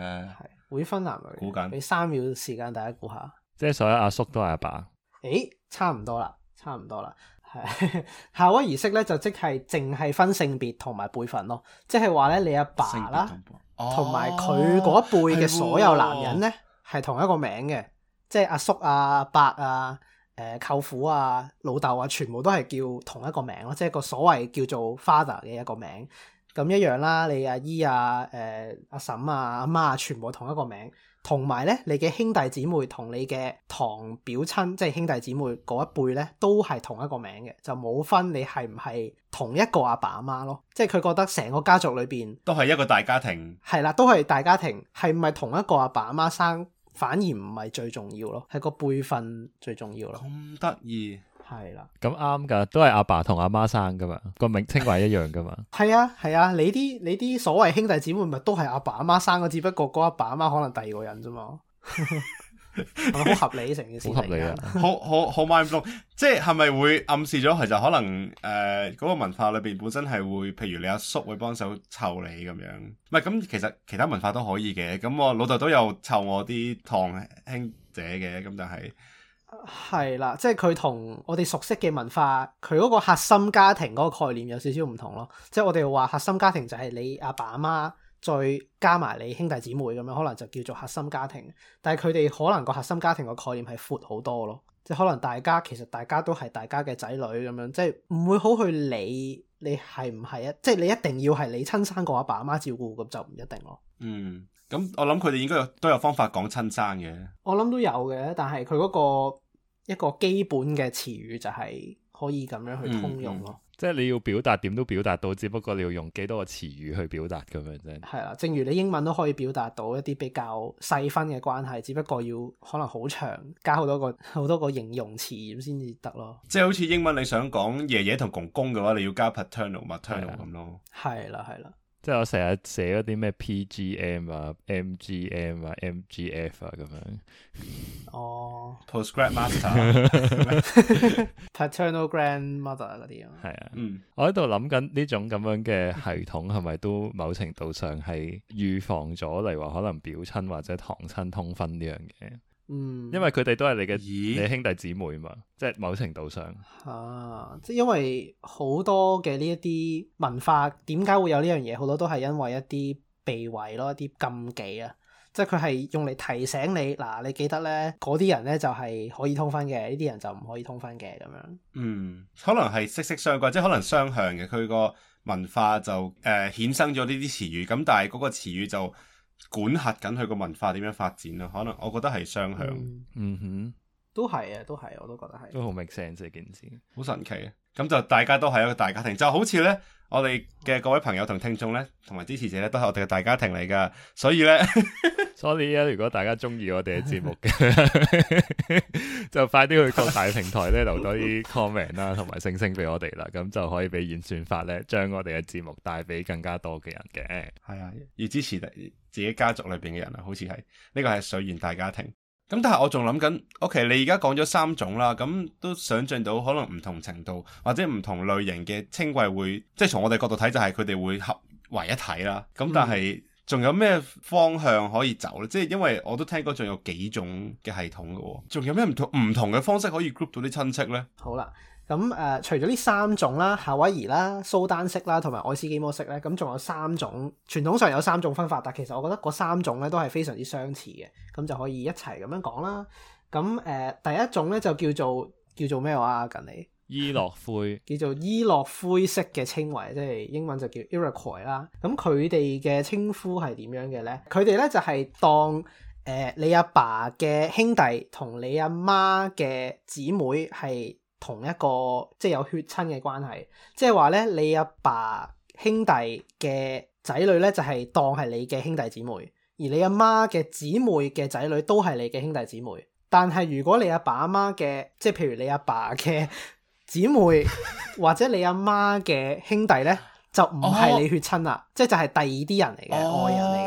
會分男女。估緊，俾三秒時間大家估下。即係所有阿叔、叔都係阿爸、爸。誒、欸，差唔多啦，差唔多啦。係， 夏威夷式咧就即係淨係分性別同埋輩份咯。即係話咧，你阿爸啦，同埋佢嗰輩嘅所有男人咧。哦係同一個名嘅，即係阿叔啊、伯啊、誒、呃、舅父啊、老竇啊，全部都係叫同一個名咯，即係個所謂叫做 father 嘅一個名咁一樣啦。你阿姨啊、誒、呃、阿嬸啊、阿媽啊，全部同一個名。同埋咧，你嘅兄弟姊妹你同你嘅堂表親，即係兄弟姊妹嗰一輩咧，都係同一個名嘅，就冇分你係唔係同一個阿爸阿媽咯。即係佢覺得成個家族裏邊都係一個大家庭，係啦，都係大家庭，係唔係同一個阿爸阿媽生？反而唔係最重要咯，係個輩份最重要咯。咁得意係啦，咁啱噶，都係阿爸同阿媽生噶嘛，個名稱位一樣噶嘛。係啊係啊，你啲你啲所謂兄弟姊妹咪都係阿爸阿媽生嘅，只不過嗰阿爸阿媽可能第二個人啫嘛。 好 合理成件事情，好合理啊，好好好 mind block 即係咪會暗示咗其實可能誒嗰、呃那個文化裏邊本身係會，譬如你阿叔，叔會幫手湊你咁樣，唔係咁其實其他文化都可以嘅，咁我老豆都有湊我啲堂兄姐嘅，咁但係係啦，即係佢同我哋熟悉嘅文化，佢嗰個核心家庭嗰個概念有少少唔同咯，即係我哋話核心家庭就係你阿爸阿媽。再加埋你兄弟姊妹咁樣，可能就叫做核心家庭。但係佢哋可能個核心家庭嘅概念係闊好多咯，即係可能大家其實大家都係大家嘅仔女咁樣，即係唔會好去理你係唔係啊，即係你一定要係你親生個阿爸阿媽照顧咁就唔一定咯。嗯，咁我諗佢哋應該有，都有方法講親生嘅。我諗都有嘅，但係佢嗰個一個基本嘅詞語就係可以咁樣去通用咯。嗯嗯即係你要表達點都表達到，只不過你要用幾多個詞語去表達咁樣啫。係啦，正如你英文都可以表達到一啲比較細分嘅關係，只不過要可能好長，加好多個好多個形容詞咁先至得咯。即係好似英文你想講爺爺同公公嘅話，你要加 paternal maternal 咁咯。係啦，係啦。即係我成日寫嗰啲咩 PGM 啊、MGM 啊、MGF 啊咁樣。哦，Postgrad Master、Paternal Grandmother 嗰啲咯。係啊，啊嗯、我喺度諗緊呢種咁樣嘅系統，係咪都某程度上係預防咗例如話可能表親或者堂親通婚呢樣嘢？嗯，因為佢哋都係你嘅咦你兄弟姊妹嘛，即係某程度上。啊，即係因為好多嘅呢一啲文化，點解會有呢樣嘢？好多都係因為一啲避諱咯，一啲禁忌啊，即係佢係用嚟提醒你嗱、啊，你記得咧嗰啲人咧就係可以通婚嘅，呢啲人就唔可以通婚嘅咁樣。嗯，可能係息息相關，即係可能雙向嘅。佢個文化就誒、呃、衍生咗呢啲詞語，咁但係嗰個詞語就。管轄緊佢個文化點樣發展咯、啊？可能我覺得係雙向。嗯，嗯哼，都係啊，都係、啊，我都覺得係、啊。都好 make sense 呢件事，好神奇、啊。咁就大家都係一個大家庭，就好似呢，我哋嘅各位朋友同聽眾呢，同埋支持者呢，都係我哋嘅大家庭嚟噶。所以呢，所以咧，如果大家中意我哋嘅節目嘅， 就快啲去各大平台呢，留多啲 comment 啦，同埋星星俾我哋啦，咁就可以俾演算法呢，將我哋嘅節目帶俾更加多嘅人嘅。係啊，要支持自己家族裏邊嘅人啊，好似係呢個係水源大家庭。咁但係我仲諗緊，OK，你而家講咗三種啦，咁都想像到可能唔同程度或者唔同類型嘅稱謂會，即係從我哋角度睇就係佢哋會合為一體啦。咁但係仲、嗯、有咩方向可以走呢？即係因為我都聽過仲有幾種嘅系統嘅喎，仲有咩唔同唔同嘅方式可以 group 到啲親戚呢？好啦。咁誒、呃，除咗呢三種啦，夏威夷啦、蘇丹式啦，同埋愛斯基摩式咧，咁仲有三種傳統上有三種分法，但其實我覺得嗰三種咧都係非常之相似嘅，咁就可以一齊咁樣講啦。咁誒、呃，第一種咧就叫做叫做咩話近你？伊洛灰，叫做、啊、伊洛灰式嘅稱謂，即係英文就叫 Iroquois 啦。咁佢哋嘅稱呼係點樣嘅咧？佢哋咧就係、是、當誒、呃、你阿爸嘅兄弟同你阿媽嘅姊妹係，同一個，即係有血親嘅關係，即係話咧，你阿爸，爸兄弟嘅仔女咧，就係、是、當係你嘅兄弟姊妹；而你阿媽嘅姊妹嘅仔女都係你嘅兄弟姊妹。但係如果你阿爸阿媽嘅，即係譬如你阿爸嘅姊妹，或者你阿媽嘅兄弟咧，就唔係你血親啦，哦、即係就係第二啲人嚟嘅外人。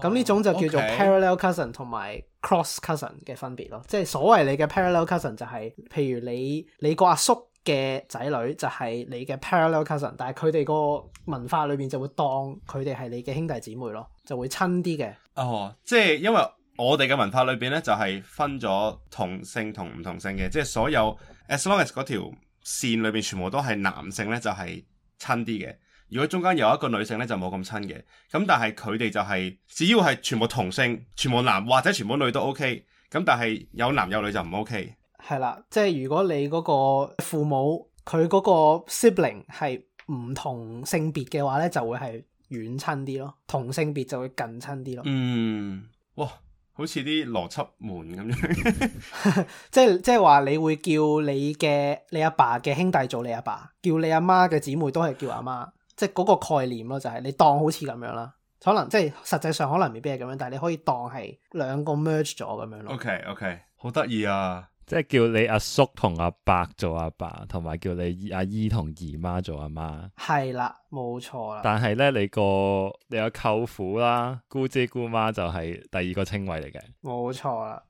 咁呢、嗯、種就叫做 parallel cousin 同埋 Okay. cross cousin 嘅分別咯，即係所謂你嘅 parallel cousin 就係、係，譬如你你個阿叔嘅仔女就係你嘅 parallel cousin，但係佢哋個文化裏邊就會當佢哋係你嘅兄弟姊妹咯，就會親啲嘅。哦，即係因為我哋嘅文化裏邊呢，就係分咗同性同唔同性嘅，即係所有 as long as 嗰條線裏邊全部都係男性呢，就係親啲嘅。如果中間有一個女性咧，就冇咁親嘅。咁但係佢哋就係，只要係全部同性，全部男或者全部女都 O K。咁但係有男有女就唔 O K。係啦，即係如果你嗰個父母佢嗰個 Sibling 係唔同性別嘅話咧，就會係遠親啲咯。同性別就會近親啲咯。嗯，哇，好似啲邏輯門咁樣 即，即係即係話你會叫你嘅你阿爸嘅兄弟做你阿爸，叫你阿媽嘅姊妹都係叫阿媽。即係嗰個概念咯，就係你當好似咁樣啦，可能即係實際上可能未必係咁樣，但係你可以當係兩個 merge 咗咁樣咯。OK OK，好得意啊！即係叫你阿叔同阿伯做阿爸，同埋叫你阿姨同姨媽做阿媽。係啦，冇錯啦。但係咧，你個你有舅父啦、姑姐、姑媽就係第二個稱謂嚟嘅。冇錯啦，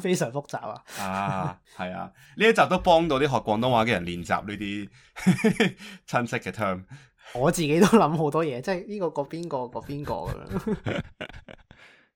非常複雜啊！ 啊，係啊，呢 一集都幫到啲學廣東話嘅人練習呢啲 親戚嘅 term。我自己都諗好多嘢，即係、這個 呃、呢個個邊個個邊個咁樣。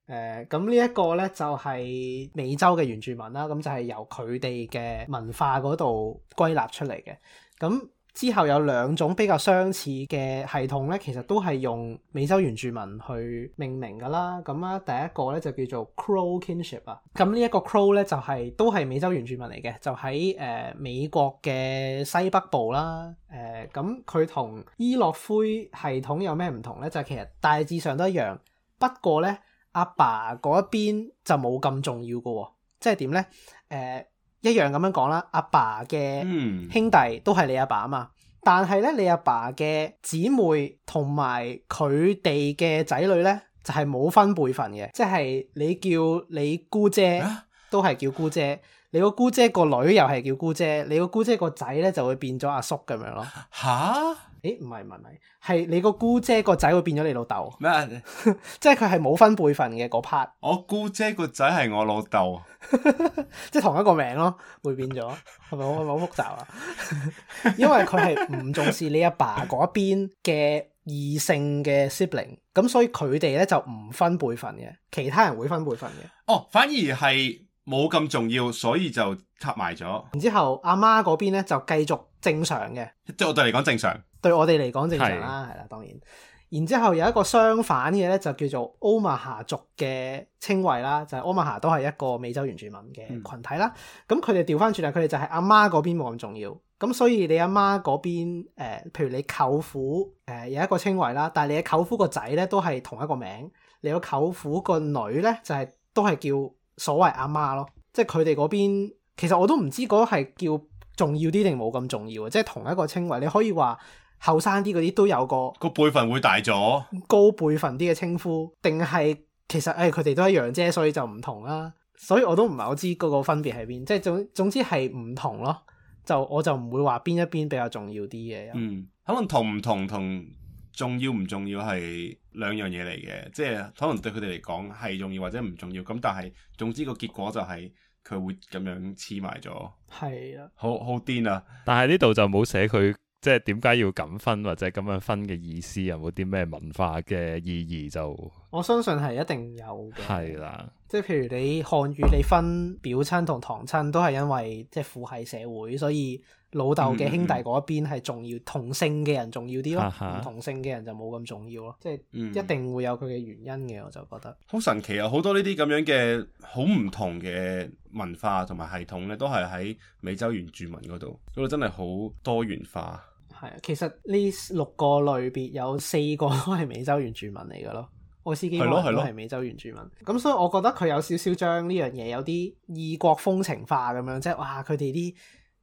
誒，咁呢一個咧就係、是、美洲嘅原住民啦，咁就係由佢哋嘅文化嗰度歸納出嚟嘅。咁。之後有兩種比較相似嘅系統咧，其實都係用美洲原住民去命名噶啦。咁啊，第一個咧就叫做 Crow Kinship 啊。咁、嗯這個、呢一個 Crow 咧就係、是、都係美洲原住民嚟嘅，就喺誒、呃、美國嘅西北部啦。誒咁佢同伊洛灰系統有咩唔同咧？就係其實大致上都一樣，不過咧阿爸嗰一邊就冇咁重要嘅喎。即係點咧？誒、呃。一樣咁樣講啦，阿爸嘅兄弟都係你阿爸啊嘛，但係咧你阿爸嘅姊妹同埋佢哋嘅仔女咧，就係冇分輩份嘅，即係你叫你姑姐都係叫姑姐。你個姑姐個女又係叫姑姐，你個姑姐個仔咧就會變咗阿叔咁樣咯。吓？哈？誒，唔係唔係唔係，係你個姑姐個仔會變咗你老豆咩？麼 即係佢係冇分輩份嘅嗰 part。我姑姐個仔係我老豆， 即係同一個名咯，會變咗係咪？好好 複雜啊？ 因為佢係唔重視你阿爸嗰邊嘅異性嘅 Sibling，咁所以佢哋咧就唔分輩份嘅，其他人會分輩份嘅。哦，反而係。冇咁重要，所以就吸埋咗。然之後阿媽嗰邊咧就繼續正常嘅，即係我哋嚟講正常，對我哋嚟講正常啦，係啦是，當然。然之後有一個相反嘅咧，就叫做奧馬哈族嘅稱謂啦，就係奧馬哈都係一個美洲原住民嘅群體啦。咁佢哋調翻轉啊，佢哋就係阿媽嗰邊冇咁重要。咁所以你阿媽嗰邊誒、呃，譬如你舅父誒、呃、有一個稱謂啦，但係你舅父個仔咧都係同一個名，你個舅父個女呢個舅父個女咧就係都係叫，所謂阿媽咯，即係佢哋嗰邊，其實我都唔知嗰係叫重要啲定冇咁重要。即係同一個稱謂，你可以話後生啲嗰啲都有個個輩份會大咗，高輩份啲嘅稱呼，定係其實誒佢哋都一樣啫，所以就唔同啦。所以我都唔係好知嗰個分別喺邊，即係總總之係唔同咯。就我就唔會話邊一邊比較重要啲嘅。嗯，可能同唔同同。同重要唔重要係兩樣嘢嚟嘅，即係可能對佢哋嚟講係重要或者唔重要，咁但係總之個結果就係佢會咁樣黐埋咗。係啊的，好好癲啊！但係呢度就冇寫佢即係點解要咁分或者咁樣分嘅意思，有冇啲咩文化嘅意義就？我相信係一定有嘅。係啦的，即係譬如你漢語你分表親同堂親都係因為即係父系社會，所以。老豆嘅兄弟嗰一邊係重要，嗯、同姓嘅人重要啲咯，唔哈同姓嘅人就冇咁重要咯。嗯、即係一定會有佢嘅原因嘅，我就覺得好神奇啊！好多呢啲咁樣嘅好唔同嘅文化同埋系統咧，都係喺美洲原住民嗰度。嗰度真係好多元化。係啊，其實呢六個類別有四個都係美洲原住民嚟噶咯。愛斯基摩都係美洲原住民。咁所以我覺得佢有少少將呢樣嘢有啲異國風情化咁樣，即係哇，佢哋啲。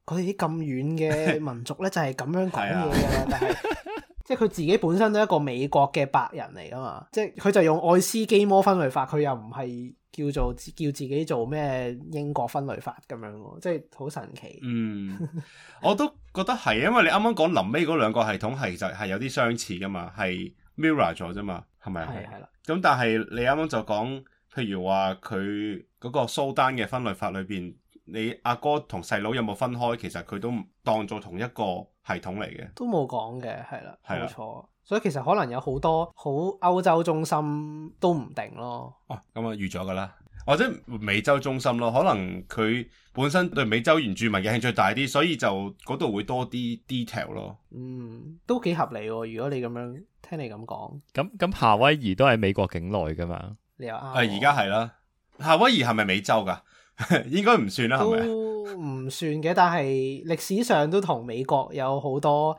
佢哋啲咁遠嘅民族咧，就係咁樣講嘢噶啦。 但係即係佢自己本身都係一個美國嘅白人嚟噶嘛，即係佢就用愛斯基摩分類法，佢又唔係叫做叫自己做咩英國分類法咁樣咯，即係好神奇。嗯，我都覺得係，因為你啱啱講臨尾嗰兩個系統係其實係有啲相似噶嘛，係 mirror 咗啫嘛，係咪？係係啦。咁但係你啱啱就講，譬如話佢嗰個蘇丹嘅分類法裏邊。你阿哥同細佬有冇分開？其實佢都當作同一個系統嚟嘅，都冇講嘅，係啦，冇錯的。所以其實可能有好多好歐洲中心都唔定咯。哦，咁啊預咗噶啦，或者美洲中心咯，可能佢本身對美洲原住民嘅興趣大啲，所以就嗰度會多啲 detail 咯。嗯，都幾合理。如果你咁樣聽你咁講，咁咁夏威夷都係美國境內噶嘛？你又啱。誒、啊，而家係啦，夏威夷係咪美洲噶？ 應該唔算啦，係咪？都唔算嘅，但係歷史上都同美國有好多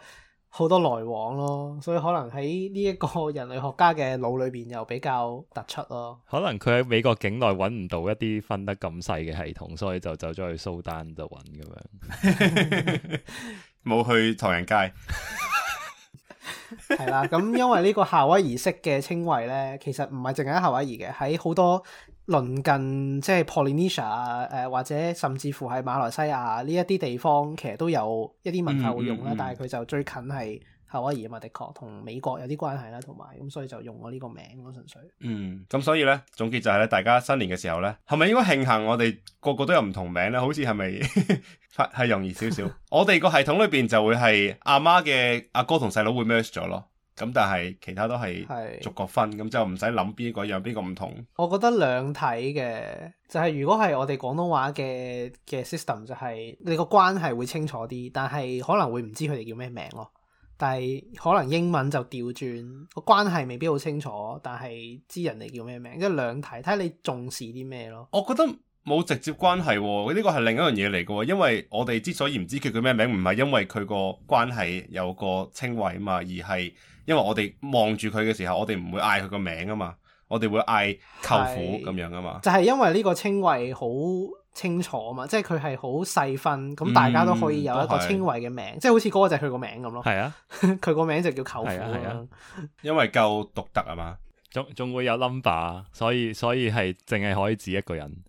好多來往咯，所以可能喺呢一個人類學家嘅腦裏邊又比較突出咯。可能佢喺美國境內揾唔到一啲分得咁細嘅系統，所以就走咗去蘇丹就揾咁樣，冇去唐人街。 係啦，咁因為呢個夏威夷式嘅稱謂呢，其實唔係淨係喺夏威夷嘅，喺好多。鄰近即係 Polynesia 啊、呃，誒或者甚至乎係馬來西亞呢一啲地方，其實都有一啲文化會用啦。嗯嗯、但係佢就最近係夏威夷啊嘛，的確同美國有啲關係啦，同埋咁所以就用我呢個名咯，純粹。嗯，咁所以咧總結就係咧，大家新年嘅時候咧，係咪應該慶幸我哋個個都有唔同名咧？好似係咪係容易少少？ 我哋個系統裏邊就會係阿媽嘅阿哥同細佬會 merge 咗咯？咁但係其他都係逐個分，咁是的 就唔使諗邊個有邊個唔同。我覺得兩睇嘅，就係、是、如果係我哋廣東話嘅嘅 system，就係你個關係會清楚啲，但係可能會唔知佢哋叫咩名咯。但係可能英文就調轉個關係，未必好清楚，但係知人哋叫咩名。即、就、係、是、兩睇，睇下你重視啲咩咯。我覺得。冇直接關係、哦，呢、這個係另一樣嘢嚟嘅。因為我哋之所以唔知佢叫咩名，唔係因為佢個關係有個稱謂啊嘛，而係因為我哋望住佢嘅時候，我哋唔會嗌佢個名啊嘛，我哋會嗌舅父咁樣啊嘛。就係、是、因為呢個稱謂好清楚啊嘛，即係佢係好細分，咁大家都可以有一個稱謂嘅名，嗯、即係好似嗰個就係佢個名咁咯。係啊，佢個 名就叫舅父啊，係啊 因為夠獨特啊嘛。仲仲會有 number，所以所以係淨係可以指一個人，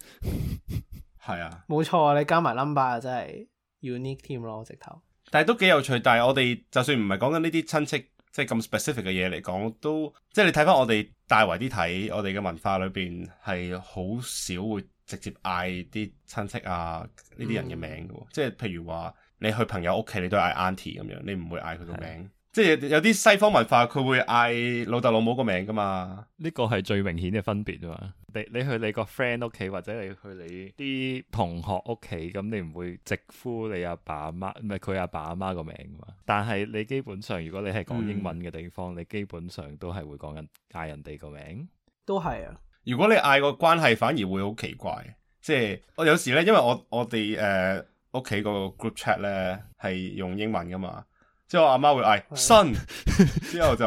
係啊，冇錯啊！你加埋 number 真係 unique 添咯，直頭。但係都幾有趣。但係我哋就算唔係講緊呢啲親戚，即係咁 specific 嘅嘢嚟講，都即係你睇翻我哋大圍啲睇，我哋嘅文化裏邊係好少會直接嗌啲親戚啊呢啲人嘅名嘅喎。嗯、即係譬如話，你去朋友屋企，你都嗌 auntie 咁樣，你唔會嗌佢個名。即係有啲西方文化，佢會嗌老豆老母個名噶嘛？呢個係最明顯嘅分別吖嘛！你你去你個 friend 屋企，或者你去你啲同學屋企，咁你唔會直呼你阿爸阿媽，唔係佢阿爸阿媽個名噶嘛？但係你基本上，如果你係講英文嘅地方，嗯、你基本上都係會講緊嗌人哋個名，都係啊！如果你嗌個關係，反而會好奇怪。即係我有時咧，因為我我哋誒屋企個 group chat 咧係用英文噶嘛。之後我阿媽會嗌，新，之後就，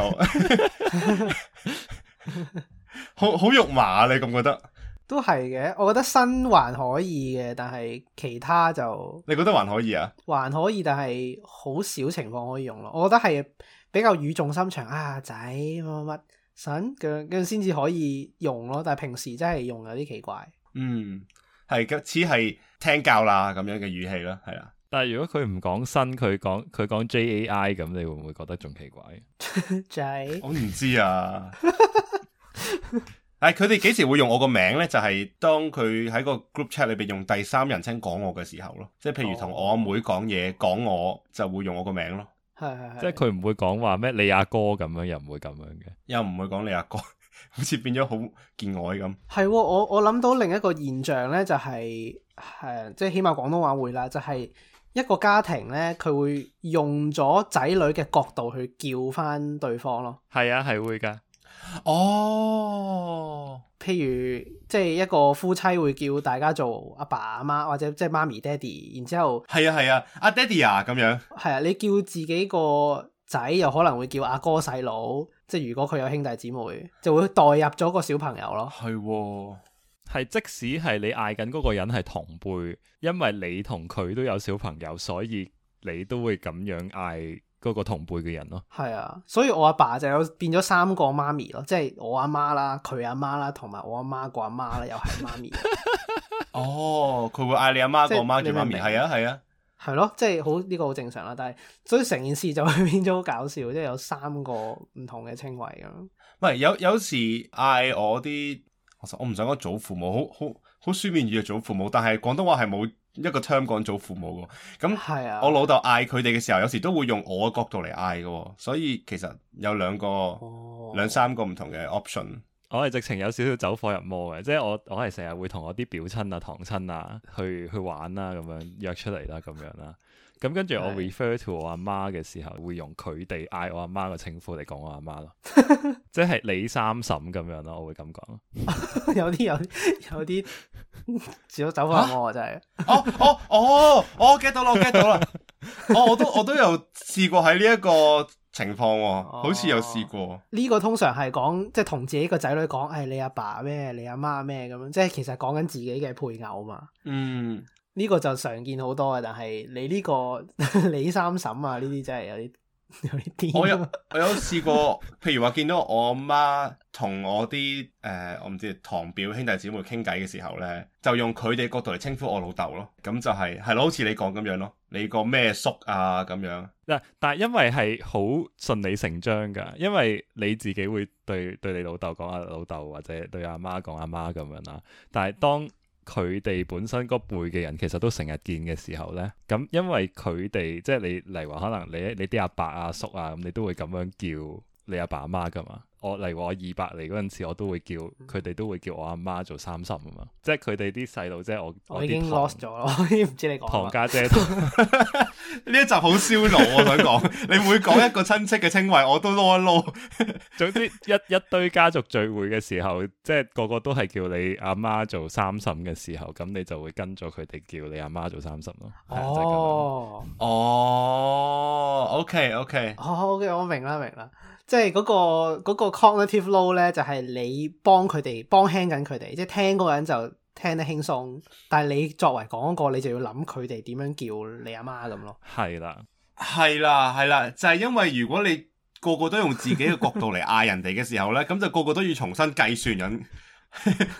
好好肉麻啊，你咁覺得？都係嘅，我覺得新還可以嘅，但係其他就你覺得還可以啊？還可以，但係好少情況可以用咯。我覺得係比較語重心長，阿仔乜乜乜，新咁樣咁先至可以用咯。但係平時真係用有啲奇怪。嗯，係似係聽教啦咁樣嘅語氣咯，係呀。但係如果佢唔講新，佢講佢講 JAI 咁，JA I，你會唔會覺得仲奇怪？仔？我唔知啊。唉， 佢哋幾時會用我個名咧？就係、是、當佢喺個 group chat 裏邊用第三人稱講我嘅時候咯，即係譬如同我阿妹講嘢講我，就會用我個名咯。係係係，即係佢唔會講話咩你阿、啊、哥咁樣，又唔會咁樣嘅， 又唔會講你阿、啊、哥， 好似變咗好見外咁。係、啊、我我諗到另一個現象咧、就是嗯，就係誒，即係起碼廣東話會、就、啦、是，就係、是。一個家庭咧，佢會用咗仔女嘅角度去叫返對方咯。係啊，係會㗎。哦，譬如即係一個夫妻會叫大家做阿爸阿媽，或者即係媽咪爹哋，然之後係啊係啊，阿、啊啊、爹哋啊咁樣。係啊，你叫自己個仔又可能會叫阿哥細佬，即係如果佢有兄弟姊妹，就會代入咗個小朋友咯。係喎、啊。係即使係你嗌緊嗰個人係同輩，因為你同佢都有小朋友，所以你都會咁樣嗌嗰個同輩嘅人咯。係啊，所以我阿爸，爸就有變咗三個媽咪咯，即係我阿媽啦、佢阿媽啦、同埋我阿媽、個阿媽啦，又係媽咪。哦，佢會嗌你阿媽個媽做媽咪，係啊係啊，係咯、啊，即係、啊就是、好呢、呢個好正常啦、啊。但係所以成件事就會變咗好搞笑，即、就、係、是、有三個唔同嘅稱謂咁。唔係有有，有時嗌我啲。我唔想講祖父母，好好好書面語嘅祖父母，但係廣東話係冇一個 term 講祖父母嘅。咁我老豆嗌佢哋嘅時候，有時都會用我嘅角度嚟嗌嘅。所以其實有兩個、哦、兩三個唔同嘅 option。我係直情有少少走火入魔嘅，即係我我係成日會同我啲表親啊、堂親啊去去玩啊，咁樣約出嚟啦，咁樣啦。咁跟住我 refer to 我阿媽嘅時候，會用佢哋嗌我阿媽嘅稱呼嚟講我阿媽咯， 即係你三嬸咁樣咯，我會咁講 有啲有有啲，少 果走翻我真係、啊 哦，哦哦哦，哦，哦， 哦，我 get 到啦，我 get 到啦，我我都我都有試過喺呢一個情況，好似有試過。呢、哦，這個通常係講即係同自己個仔女講，誒你阿爸咩，你阿媽咩咁樣，即係其實講緊自己嘅配偶嘛。嗯。嗯呢個就常見好多嘅，但係你呢、這個李 三嬸啊，呢啲真係有啲 有啲癲。我有我有試過， 譬如話見到我阿媽同我啲誒、呃，我唔知堂表兄弟姊妹傾偈嘅時候咧，就用佢哋角度嚟稱呼我老豆咯。咁就係係咯，好似你講咁樣咯，你個咩叔啊咁樣。嗱，但係因為係好順理成章噶，因為你自己會對對你老豆講阿老豆，或者對阿媽講阿媽咁樣啦。但係當、嗯。佢哋本身嗰輩嘅人，其實都成日見嘅時候咧，咁因為佢哋即係你，例如話可能你你啲阿伯阿叔啊，咁你都會咁樣叫。你阿爸阿媽噶嘛？我，例如我二伯嚟嗰陣時，我都會叫佢哋，嗯、都會叫我阿媽做三嬸啊嘛。即係佢哋啲細路，即係我，我已經 loss 咗，我已經唔知你講堂家姐呢 一集好燒腦啊！ 我想講你每講一個親戚嘅稱謂，我都撈一撈。 總之一一堆家族聚會嘅時候，即係個個都係叫你阿媽做三嬸嘅時候，咁你就會跟咗佢哋叫你阿媽做三嬸咯。哦，哎就是、哦，OK，OK，、okay, okay. 好、oh,，OK，我明啦，明啦。即係嗰、那個那個 cognitive load 咧，就係、是、你幫佢哋幫輕緊佢哋，即係聽嗰個人就聽得輕鬆，但係你作為講個，你就要諗佢哋點樣叫你阿媽咁咯。係啦的，係啦，係啦，就係、是、因為如果你個個都用自己嘅角度嚟嗌人哋嘅時候咧，咁 就個個都要重新計算緊，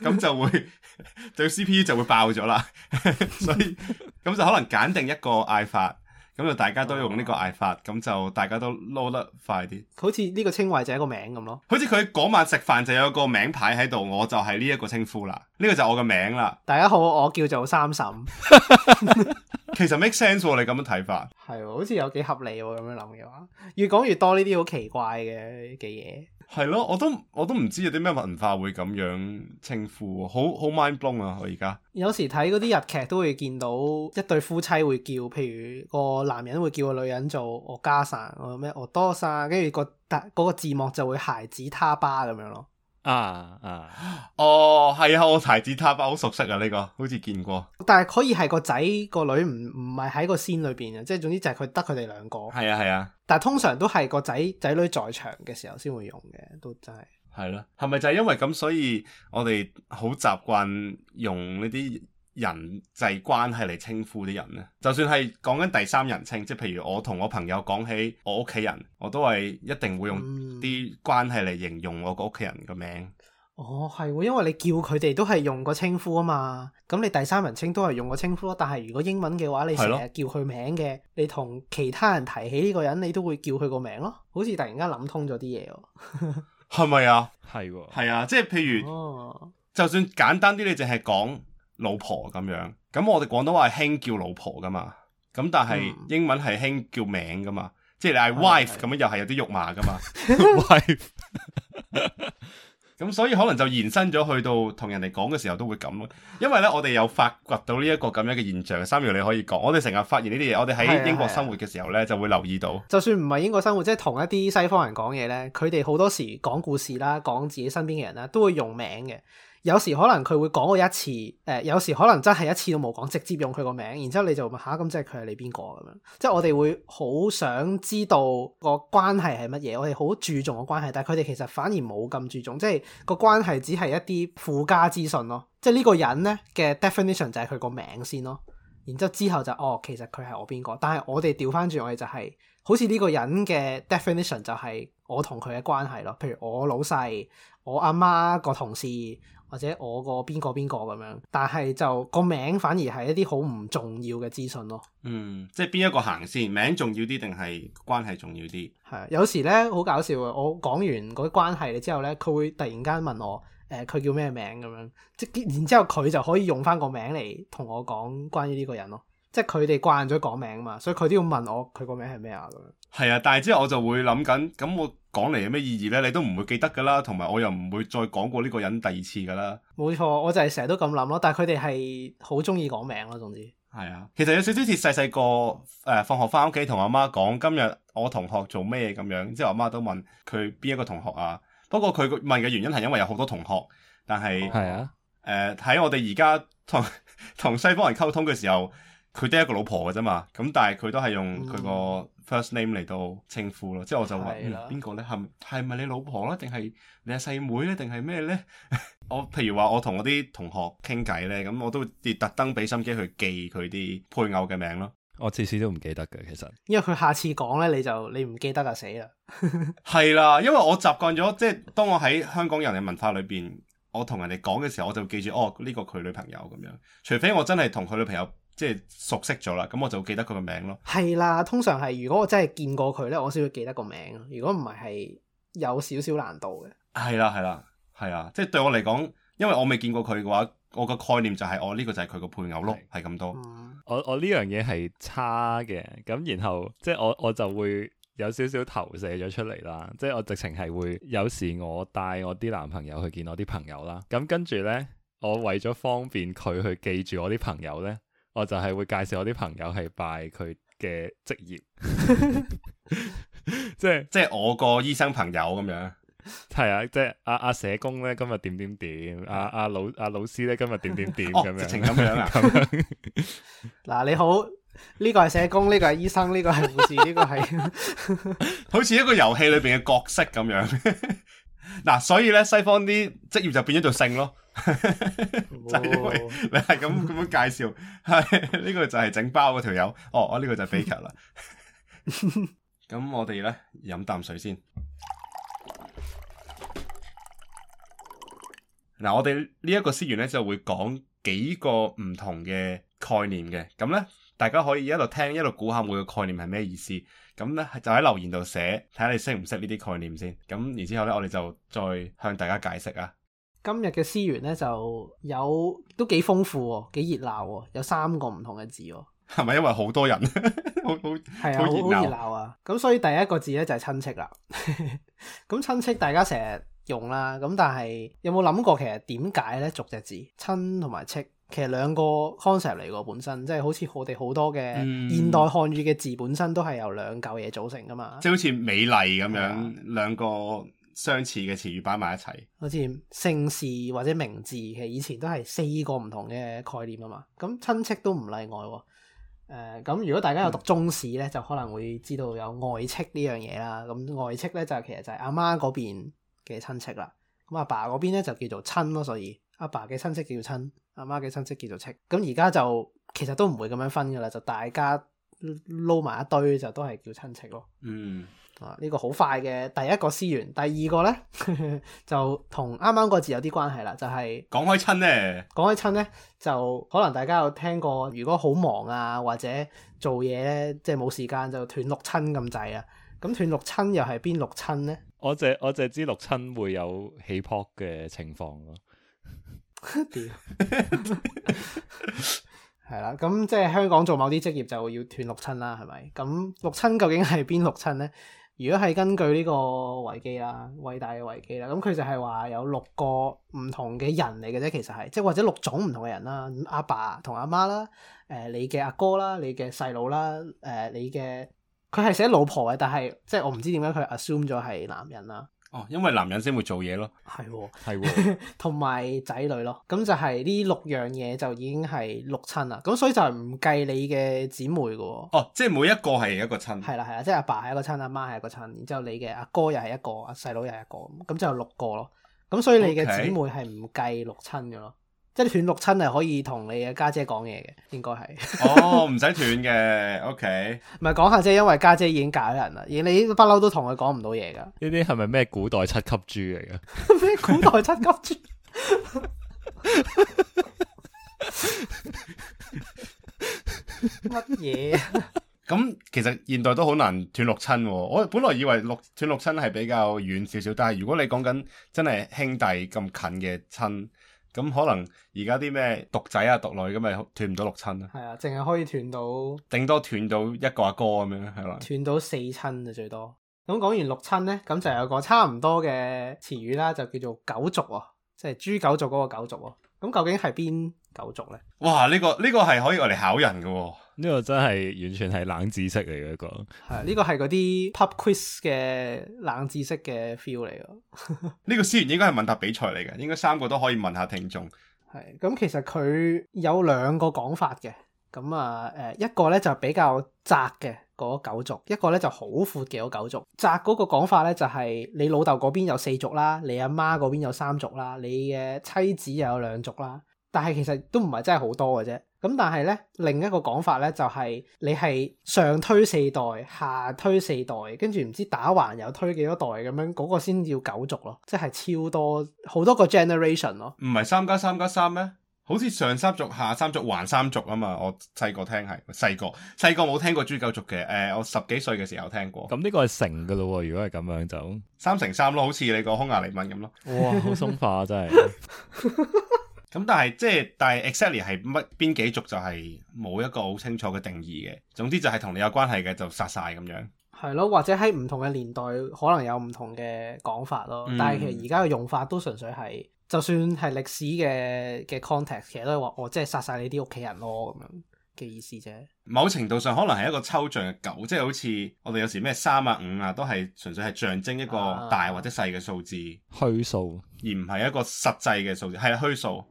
咁 就會 對 C P U 就會爆咗啦。 所以咁就可能揀定一個嗌法。咁就大家都用呢個嗌法，咁就大家都撈得快啲。好似呢個稱謂就係一個名咁咯。好似佢嗰晚食飯就有個名牌喺度，我就係呢一個稱呼啦。呢個就我嘅名啦。大家好，我叫做三嬸。 其實 make sense，、啊、你咁樣睇法係、啊，好似有幾合理喎、啊。咁樣諗嘅話，越講越多呢啲好奇怪嘅嘅嘢。係咯，我都我都唔知有啲咩文化會咁樣稱呼，好好 mind blown 啊！我而家有時睇嗰啲日劇都會見到一對夫妻會叫，譬如個男人會叫個女人做我加沙，我咩我多沙，跟住個大嗰個字幕就會孩子他爸咁樣咯。啊啊，哦係啊，我柴子塔好熟悉啊，呢、這個好似見過，但係可以係個仔個女唔唔係喺個仙裏邊啊，即係總之就係佢得佢哋兩個，係啊係啊，啊但係通常都係個仔仔女在場嘅時候先會用嘅，都真係係咯，係咪、啊、就係因為咁，所以我哋好習慣用呢啲。人際關係嚟稱呼啲人咧，就算係講緊第三人稱，即係譬如我同我朋友講起我屋企人，我都係一定會用啲關係嚟形容我個屋企人個名、嗯。哦，係喎，因為你叫佢哋都係用個稱呼啊嘛，咁你第三人稱都係用個稱呼咯。但係如果英文嘅話，你成日叫佢名嘅，的你同其他人提起呢個人，你都會叫佢個名咯。好似突然間諗通咗啲嘢，係 咪啊？係的，係啊，即係譬如，哦、就算簡單啲，你淨係講。老婆咁樣，咁我哋廣東話係興叫老婆噶嘛，咁但係英文係興叫名噶嘛，嗯、即係你嗌 wife 咁的樣又係有啲肉麻噶嘛，wife，咁 所以可能就延伸咗去到同人哋講嘅時候都會咁咯，因為呢，我哋有發掘到呢一個咁樣嘅現象，三羊你可以講，我哋成日發現呢啲嘢，我哋喺英國生活嘅時候呢，就會留意到，就算唔係英國生活，即係同一啲西方人講嘢呢，佢哋好多時講故事啦，講自己身邊嘅人啦，都會用名嘅。有時可能佢會講我一次，誒、呃、有時可能真係一次都冇講，直接用佢個名，然之後你就問下，咁即係佢係你邊個咁樣？即係我哋會好想知道個關係係乜嘢，我哋好注重個關係，但係佢哋其實反而冇咁注重，即係個關係只係一啲附加資訊咯。即係呢個人咧嘅 definition 就係佢個名先咯，然之後之後就哦其實佢係我邊個，但係我哋調翻轉我哋就係、是、好似呢個人嘅 definition 就係我同佢嘅關係咯，譬如我老細、我阿媽個同事。或者我個邊個邊個咁樣，但係就個名反而係一啲好唔重要嘅資訊咯。嗯，即係邊一個行先，名重要啲定係關係重要啲？係有時咧好搞笑啊。我講完嗰啲關係之後咧，佢會突然間問我，誒、呃、佢叫咩名咁樣？即然之後佢就可以用翻個名嚟同我講關於呢個人咯。即係佢哋慣咗講名啊嘛，所以佢都要問我佢個名係咩啊咁樣。係啊，但係之後我就會諗緊，咁我講嚟有咩意義呢？你都唔會記得噶啦，同埋我又唔會再講過呢個人第二次噶啦。冇錯，我就係成日都咁諗咯。但係佢哋係好中意講名咯，總之。係啊，其實有少少似細細個誒，放學翻屋企同阿媽講今日我同學做咩咁樣，之後阿媽都問佢邊一個同學啊。不過佢問嘅原因係因為有好多同學，但係，係啊喺、呃、我哋而家同同西方人溝通嘅時候。佢得一個老婆嘅啫嘛，咁但係佢都係用佢個 first name 嚟到稱呼咯，即係、嗯、我就話邊個呢？係咪係咪你老婆呢，定係你嘅細妹呢？定係咩呢？ 我」我譬如話我同我啲同學傾偈呢，咁、嗯、我都會特登俾心機去記佢啲配偶嘅名咯。我次次都唔記得嘅，其實因為佢下次講呢，你就你唔記得就死啦。係 啦、啊，因為我習慣咗，即係當我喺香港人嘅文化裏邊，我同人哋講嘅時候，我就記住哦呢、呢個佢女朋友咁樣，除非我真係同佢女朋友。即係熟悉咗啦，咁我就記得佢個名咯。係啦，通常係如果我真係見過佢咧，我先會記得個名。如果唔係，係有少少難度嘅。係啦，係啦，係啊、嗯！即係對我嚟講，因為我未見過佢嘅話，我個概念就係我呢個就係佢個配偶咯，係咁多。我我呢樣嘢係差嘅，咁然後即係我我就會有少少投射咗出嚟啦。即係我直情係會有時我帶我啲男朋友去見我啲朋友啦。咁跟住咧，我為咗方便佢去記住我啲朋友咧。我就係會介紹我啲朋友係拜佢嘅職業、 就是，即係即係，我個醫生朋友咁樣，係啊，即係阿阿社工咧，今日點點點，阿、啊、阿、啊、老阿、啊、老師咧，今日點點點咁樣，直情咁樣咁樣。嗱，你好，呢、這個係社工，呢、這個係醫生，呢、這個係護士，呢個係好似一個遊戲裏邊嘅角色咁樣。 嗱、啊，所以咧，西方啲職業就變咗做性咯， 就係因為你係咁咁樣介紹，係 呢個就係整包嗰條友，哦，我呢個就係 Baker 啦。咁 我哋咧飲啖水先。嗱、 啊，我哋呢一個師源咧就會講幾個唔同嘅概念嘅，咁咧。大家可以一路聽一路估下每個概念係咩意思，咁咧就喺留言度寫，睇下你識唔識呢啲概念先。咁然之後咧，我哋就再向大家解釋啊。今日嘅詞源咧就有都幾豐富喎，幾熱鬧喎，有三個唔同嘅字喎。係咪因為好多人？係 好啊，好熱鬧啊。咁所以第一個字咧就係、是、親戚啦。咁 親戚大家成日用啦，咁但係有冇諗過其實點解咧？逐隻字親同埋戚。其實兩個 concept 嚟嘅本身，即係好似我哋好多嘅現代漢語嘅字本身都係由兩嚿嘢組成噶嘛，即係、嗯就是、好似美麗咁樣兩個相似嘅詞語擺埋一齊。好似姓氏或者名字，其實以前都係四個唔同嘅概念啊嘛。咁親戚都唔例外喎、啊。誒、呃，咁如果大家有讀中史咧，嗯、就可能會知道有外戚呢樣嘢啦。咁外戚咧就其實就係阿媽嗰邊嘅親戚啦。咁阿爸嗰邊咧就叫做親咯，所以。阿爸嘅親戚叫親，阿媽嘅親戚叫做戚。咁而家就其實都唔會咁樣分噶啦，就大家撈埋一堆就都係叫親戚咯。嗯，啊呢、這個好快嘅第一個思源，第二個咧 就同啱啱個字有啲關係啦，就係、是、講開親咧，講開親咧就可能大家有聽過，如果好忙啊或者做嘢咧，即係冇時間就斷六親咁滯啊。咁斷六親又係邊六親咧？我淨我淨知六親會有起泡嘅情況咯。屌，係啦， 咁即係香港做某啲職業就要斷六親啦，係咪？咁六親究竟係邊六親咧？如果係根據呢個維基啦，偉大嘅維基啦，咁佢就係話有六個唔同嘅人嚟嘅啫，其實係即係或者六種唔同嘅人啦。咁阿爸同阿媽啦，誒、呃，你嘅阿哥啦，你嘅細佬啦，誒、呃，你嘅，佢係寫老婆嘅，但係即係我唔知點解佢 assume 咗係男人啦。哦，因為男人先會做嘢咯，係係、哦，同埋仔女咯，咁就係呢六樣嘢就已經係六親啦，咁所以就唔計你嘅姊妹噶。哦，即係每一個係一個親，係啦係啦，即係阿爸係一個親，阿媽係一個親，然之後你嘅阿哥又係一個，阿細佬又係一個，咁就六個咯，咁所以你嘅姊妹係唔計六親嘅咯。Okay. 即係斷六親係可以同你嘅家姐講嘢嘅，應該係。哦，唔使斷嘅，OK。唔係講下啫，因為家姐已經嫁咗人啦，而你不嬲都同佢講唔到嘢噶。呢啲係咪咩古代七級豬嚟噶？咩 古代七級豬？乜嘢？咁其實現代都好難斷六親。我本來以為六斷六親係比較遠少少，但係如果你講緊真係兄弟咁近嘅親。咁可能而家啲咩獨仔啊獨女咁咪斷唔到六親啦，係啊，淨係可以斷到，頂多斷到一個阿哥咁樣，係嘛？斷到四親就最多。咁講完六親咧，咁就有個差唔多嘅詞語啦，就叫做九族啊，即係誅九族嗰個九族啊。咁究竟係邊九族咧？哇！呢個呢個係可以用嚟考人㗎喎。呢個真係完全係冷知識嚟嘅一個，係 呢個係嗰啲 pub quiz 嘅冷知識嘅 feel 嚟嘅。呢個雖然應該係問答比賽嚟嘅，應該三個都可以問下聽眾。係咁、嗯，其實佢有兩個講法嘅。咁、嗯、啊，誒、呃，一個咧就是、比較窄嘅嗰九族，一個咧就好、是、闊嘅嗰九族。窄嗰個講法咧就係、是、你老豆嗰邊有四族啦，你阿媽嗰邊有三族啦，你嘅妻子又有兩族啦。但係其實都唔係真係好多嘅啫。咁但係呢，另一個講法呢就係、是、你係上推四代，下推四代，跟住唔知打橫又推幾多代咁樣，嗰、那個先叫九族咯，即係超多好多個 generation 咯。唔係三加三加三咩？好似上三族、下三族、橫三族啊嘛！我細個聽係細個，細個冇聽過誅九族嘅。誒、呃，我十幾歲嘅時候聽過。咁呢個係成㗎啦喎！如果係咁樣就三乘三咯，好似你個匈牙利文咁咯。哇！好鬆化真係。 咁但係即係，但係 exactly 係乜邊幾族就係冇一個好清楚嘅定義嘅。總之就係同你有關係嘅就殺晒咁樣。係咯，或者喺唔同嘅年代可能有唔同嘅講法咯。嗯、但係其實而家嘅用法都純粹係，就算係歷史嘅嘅 context，其實都係話我即係殺晒你啲屋企人咯咁樣嘅意思啫。某程度上可能係一個抽象嘅九，即係好似我哋有時咩三啊五啊都係純粹係象徵一個大或者細嘅數字，虛數，啊，虛數，而唔係一個實際嘅數字，係虛數。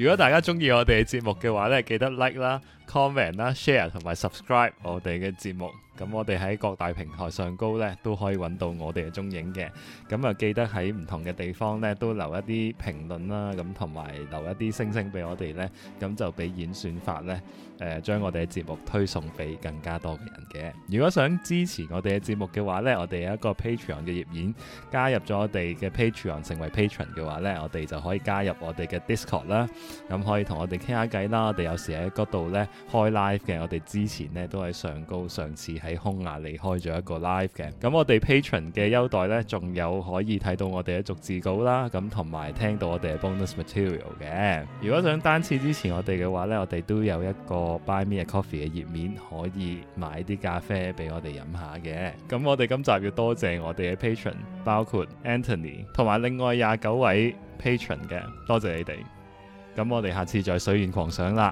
如果大家中意我哋嘅節目嘅話咧，記得 like 啦、comment 啦、share 同埋 subscribe 我哋嘅節目。咁我哋喺各大平台上高咧，都可以揾到我哋嘅蹤影嘅。咁啊，記得喺唔同嘅地方咧，都留一啲評論啦，咁同埋留一啲星星俾我哋咧，咁就俾演算法咧。誒，將我哋嘅節目推送俾更加多嘅人嘅。如果想支持我哋嘅節目嘅話呢，我哋有一個 Patreon 嘅頁面，加入咗我哋嘅 Patreon 成為 Patreon 嘅話呢，我哋就可以加入我哋嘅 Discord 啦，咁可以同我哋傾下偈啦。我哋有時喺嗰度呢開 live 嘅，我哋之前呢都係上高，上次喺匈牙利開咗一個 live 嘅。咁我哋 Patreon 嘅優待呢，仲有可以睇到我哋嘅逐字稿啦，咁同埋聽到我哋嘅 bonus material 嘅。如果想單次支持我哋嘅話呢，我哋都有一個。我 Buy Me a Coffee 嘅頁面可以買啲咖啡俾我哋飲下嘅。咁我哋今集要多謝我哋嘅 Patron，包括 Anthony 同埋另外廿九位 Patron 嘅，多謝你哋。咁我哋下次再絮言狂想啦。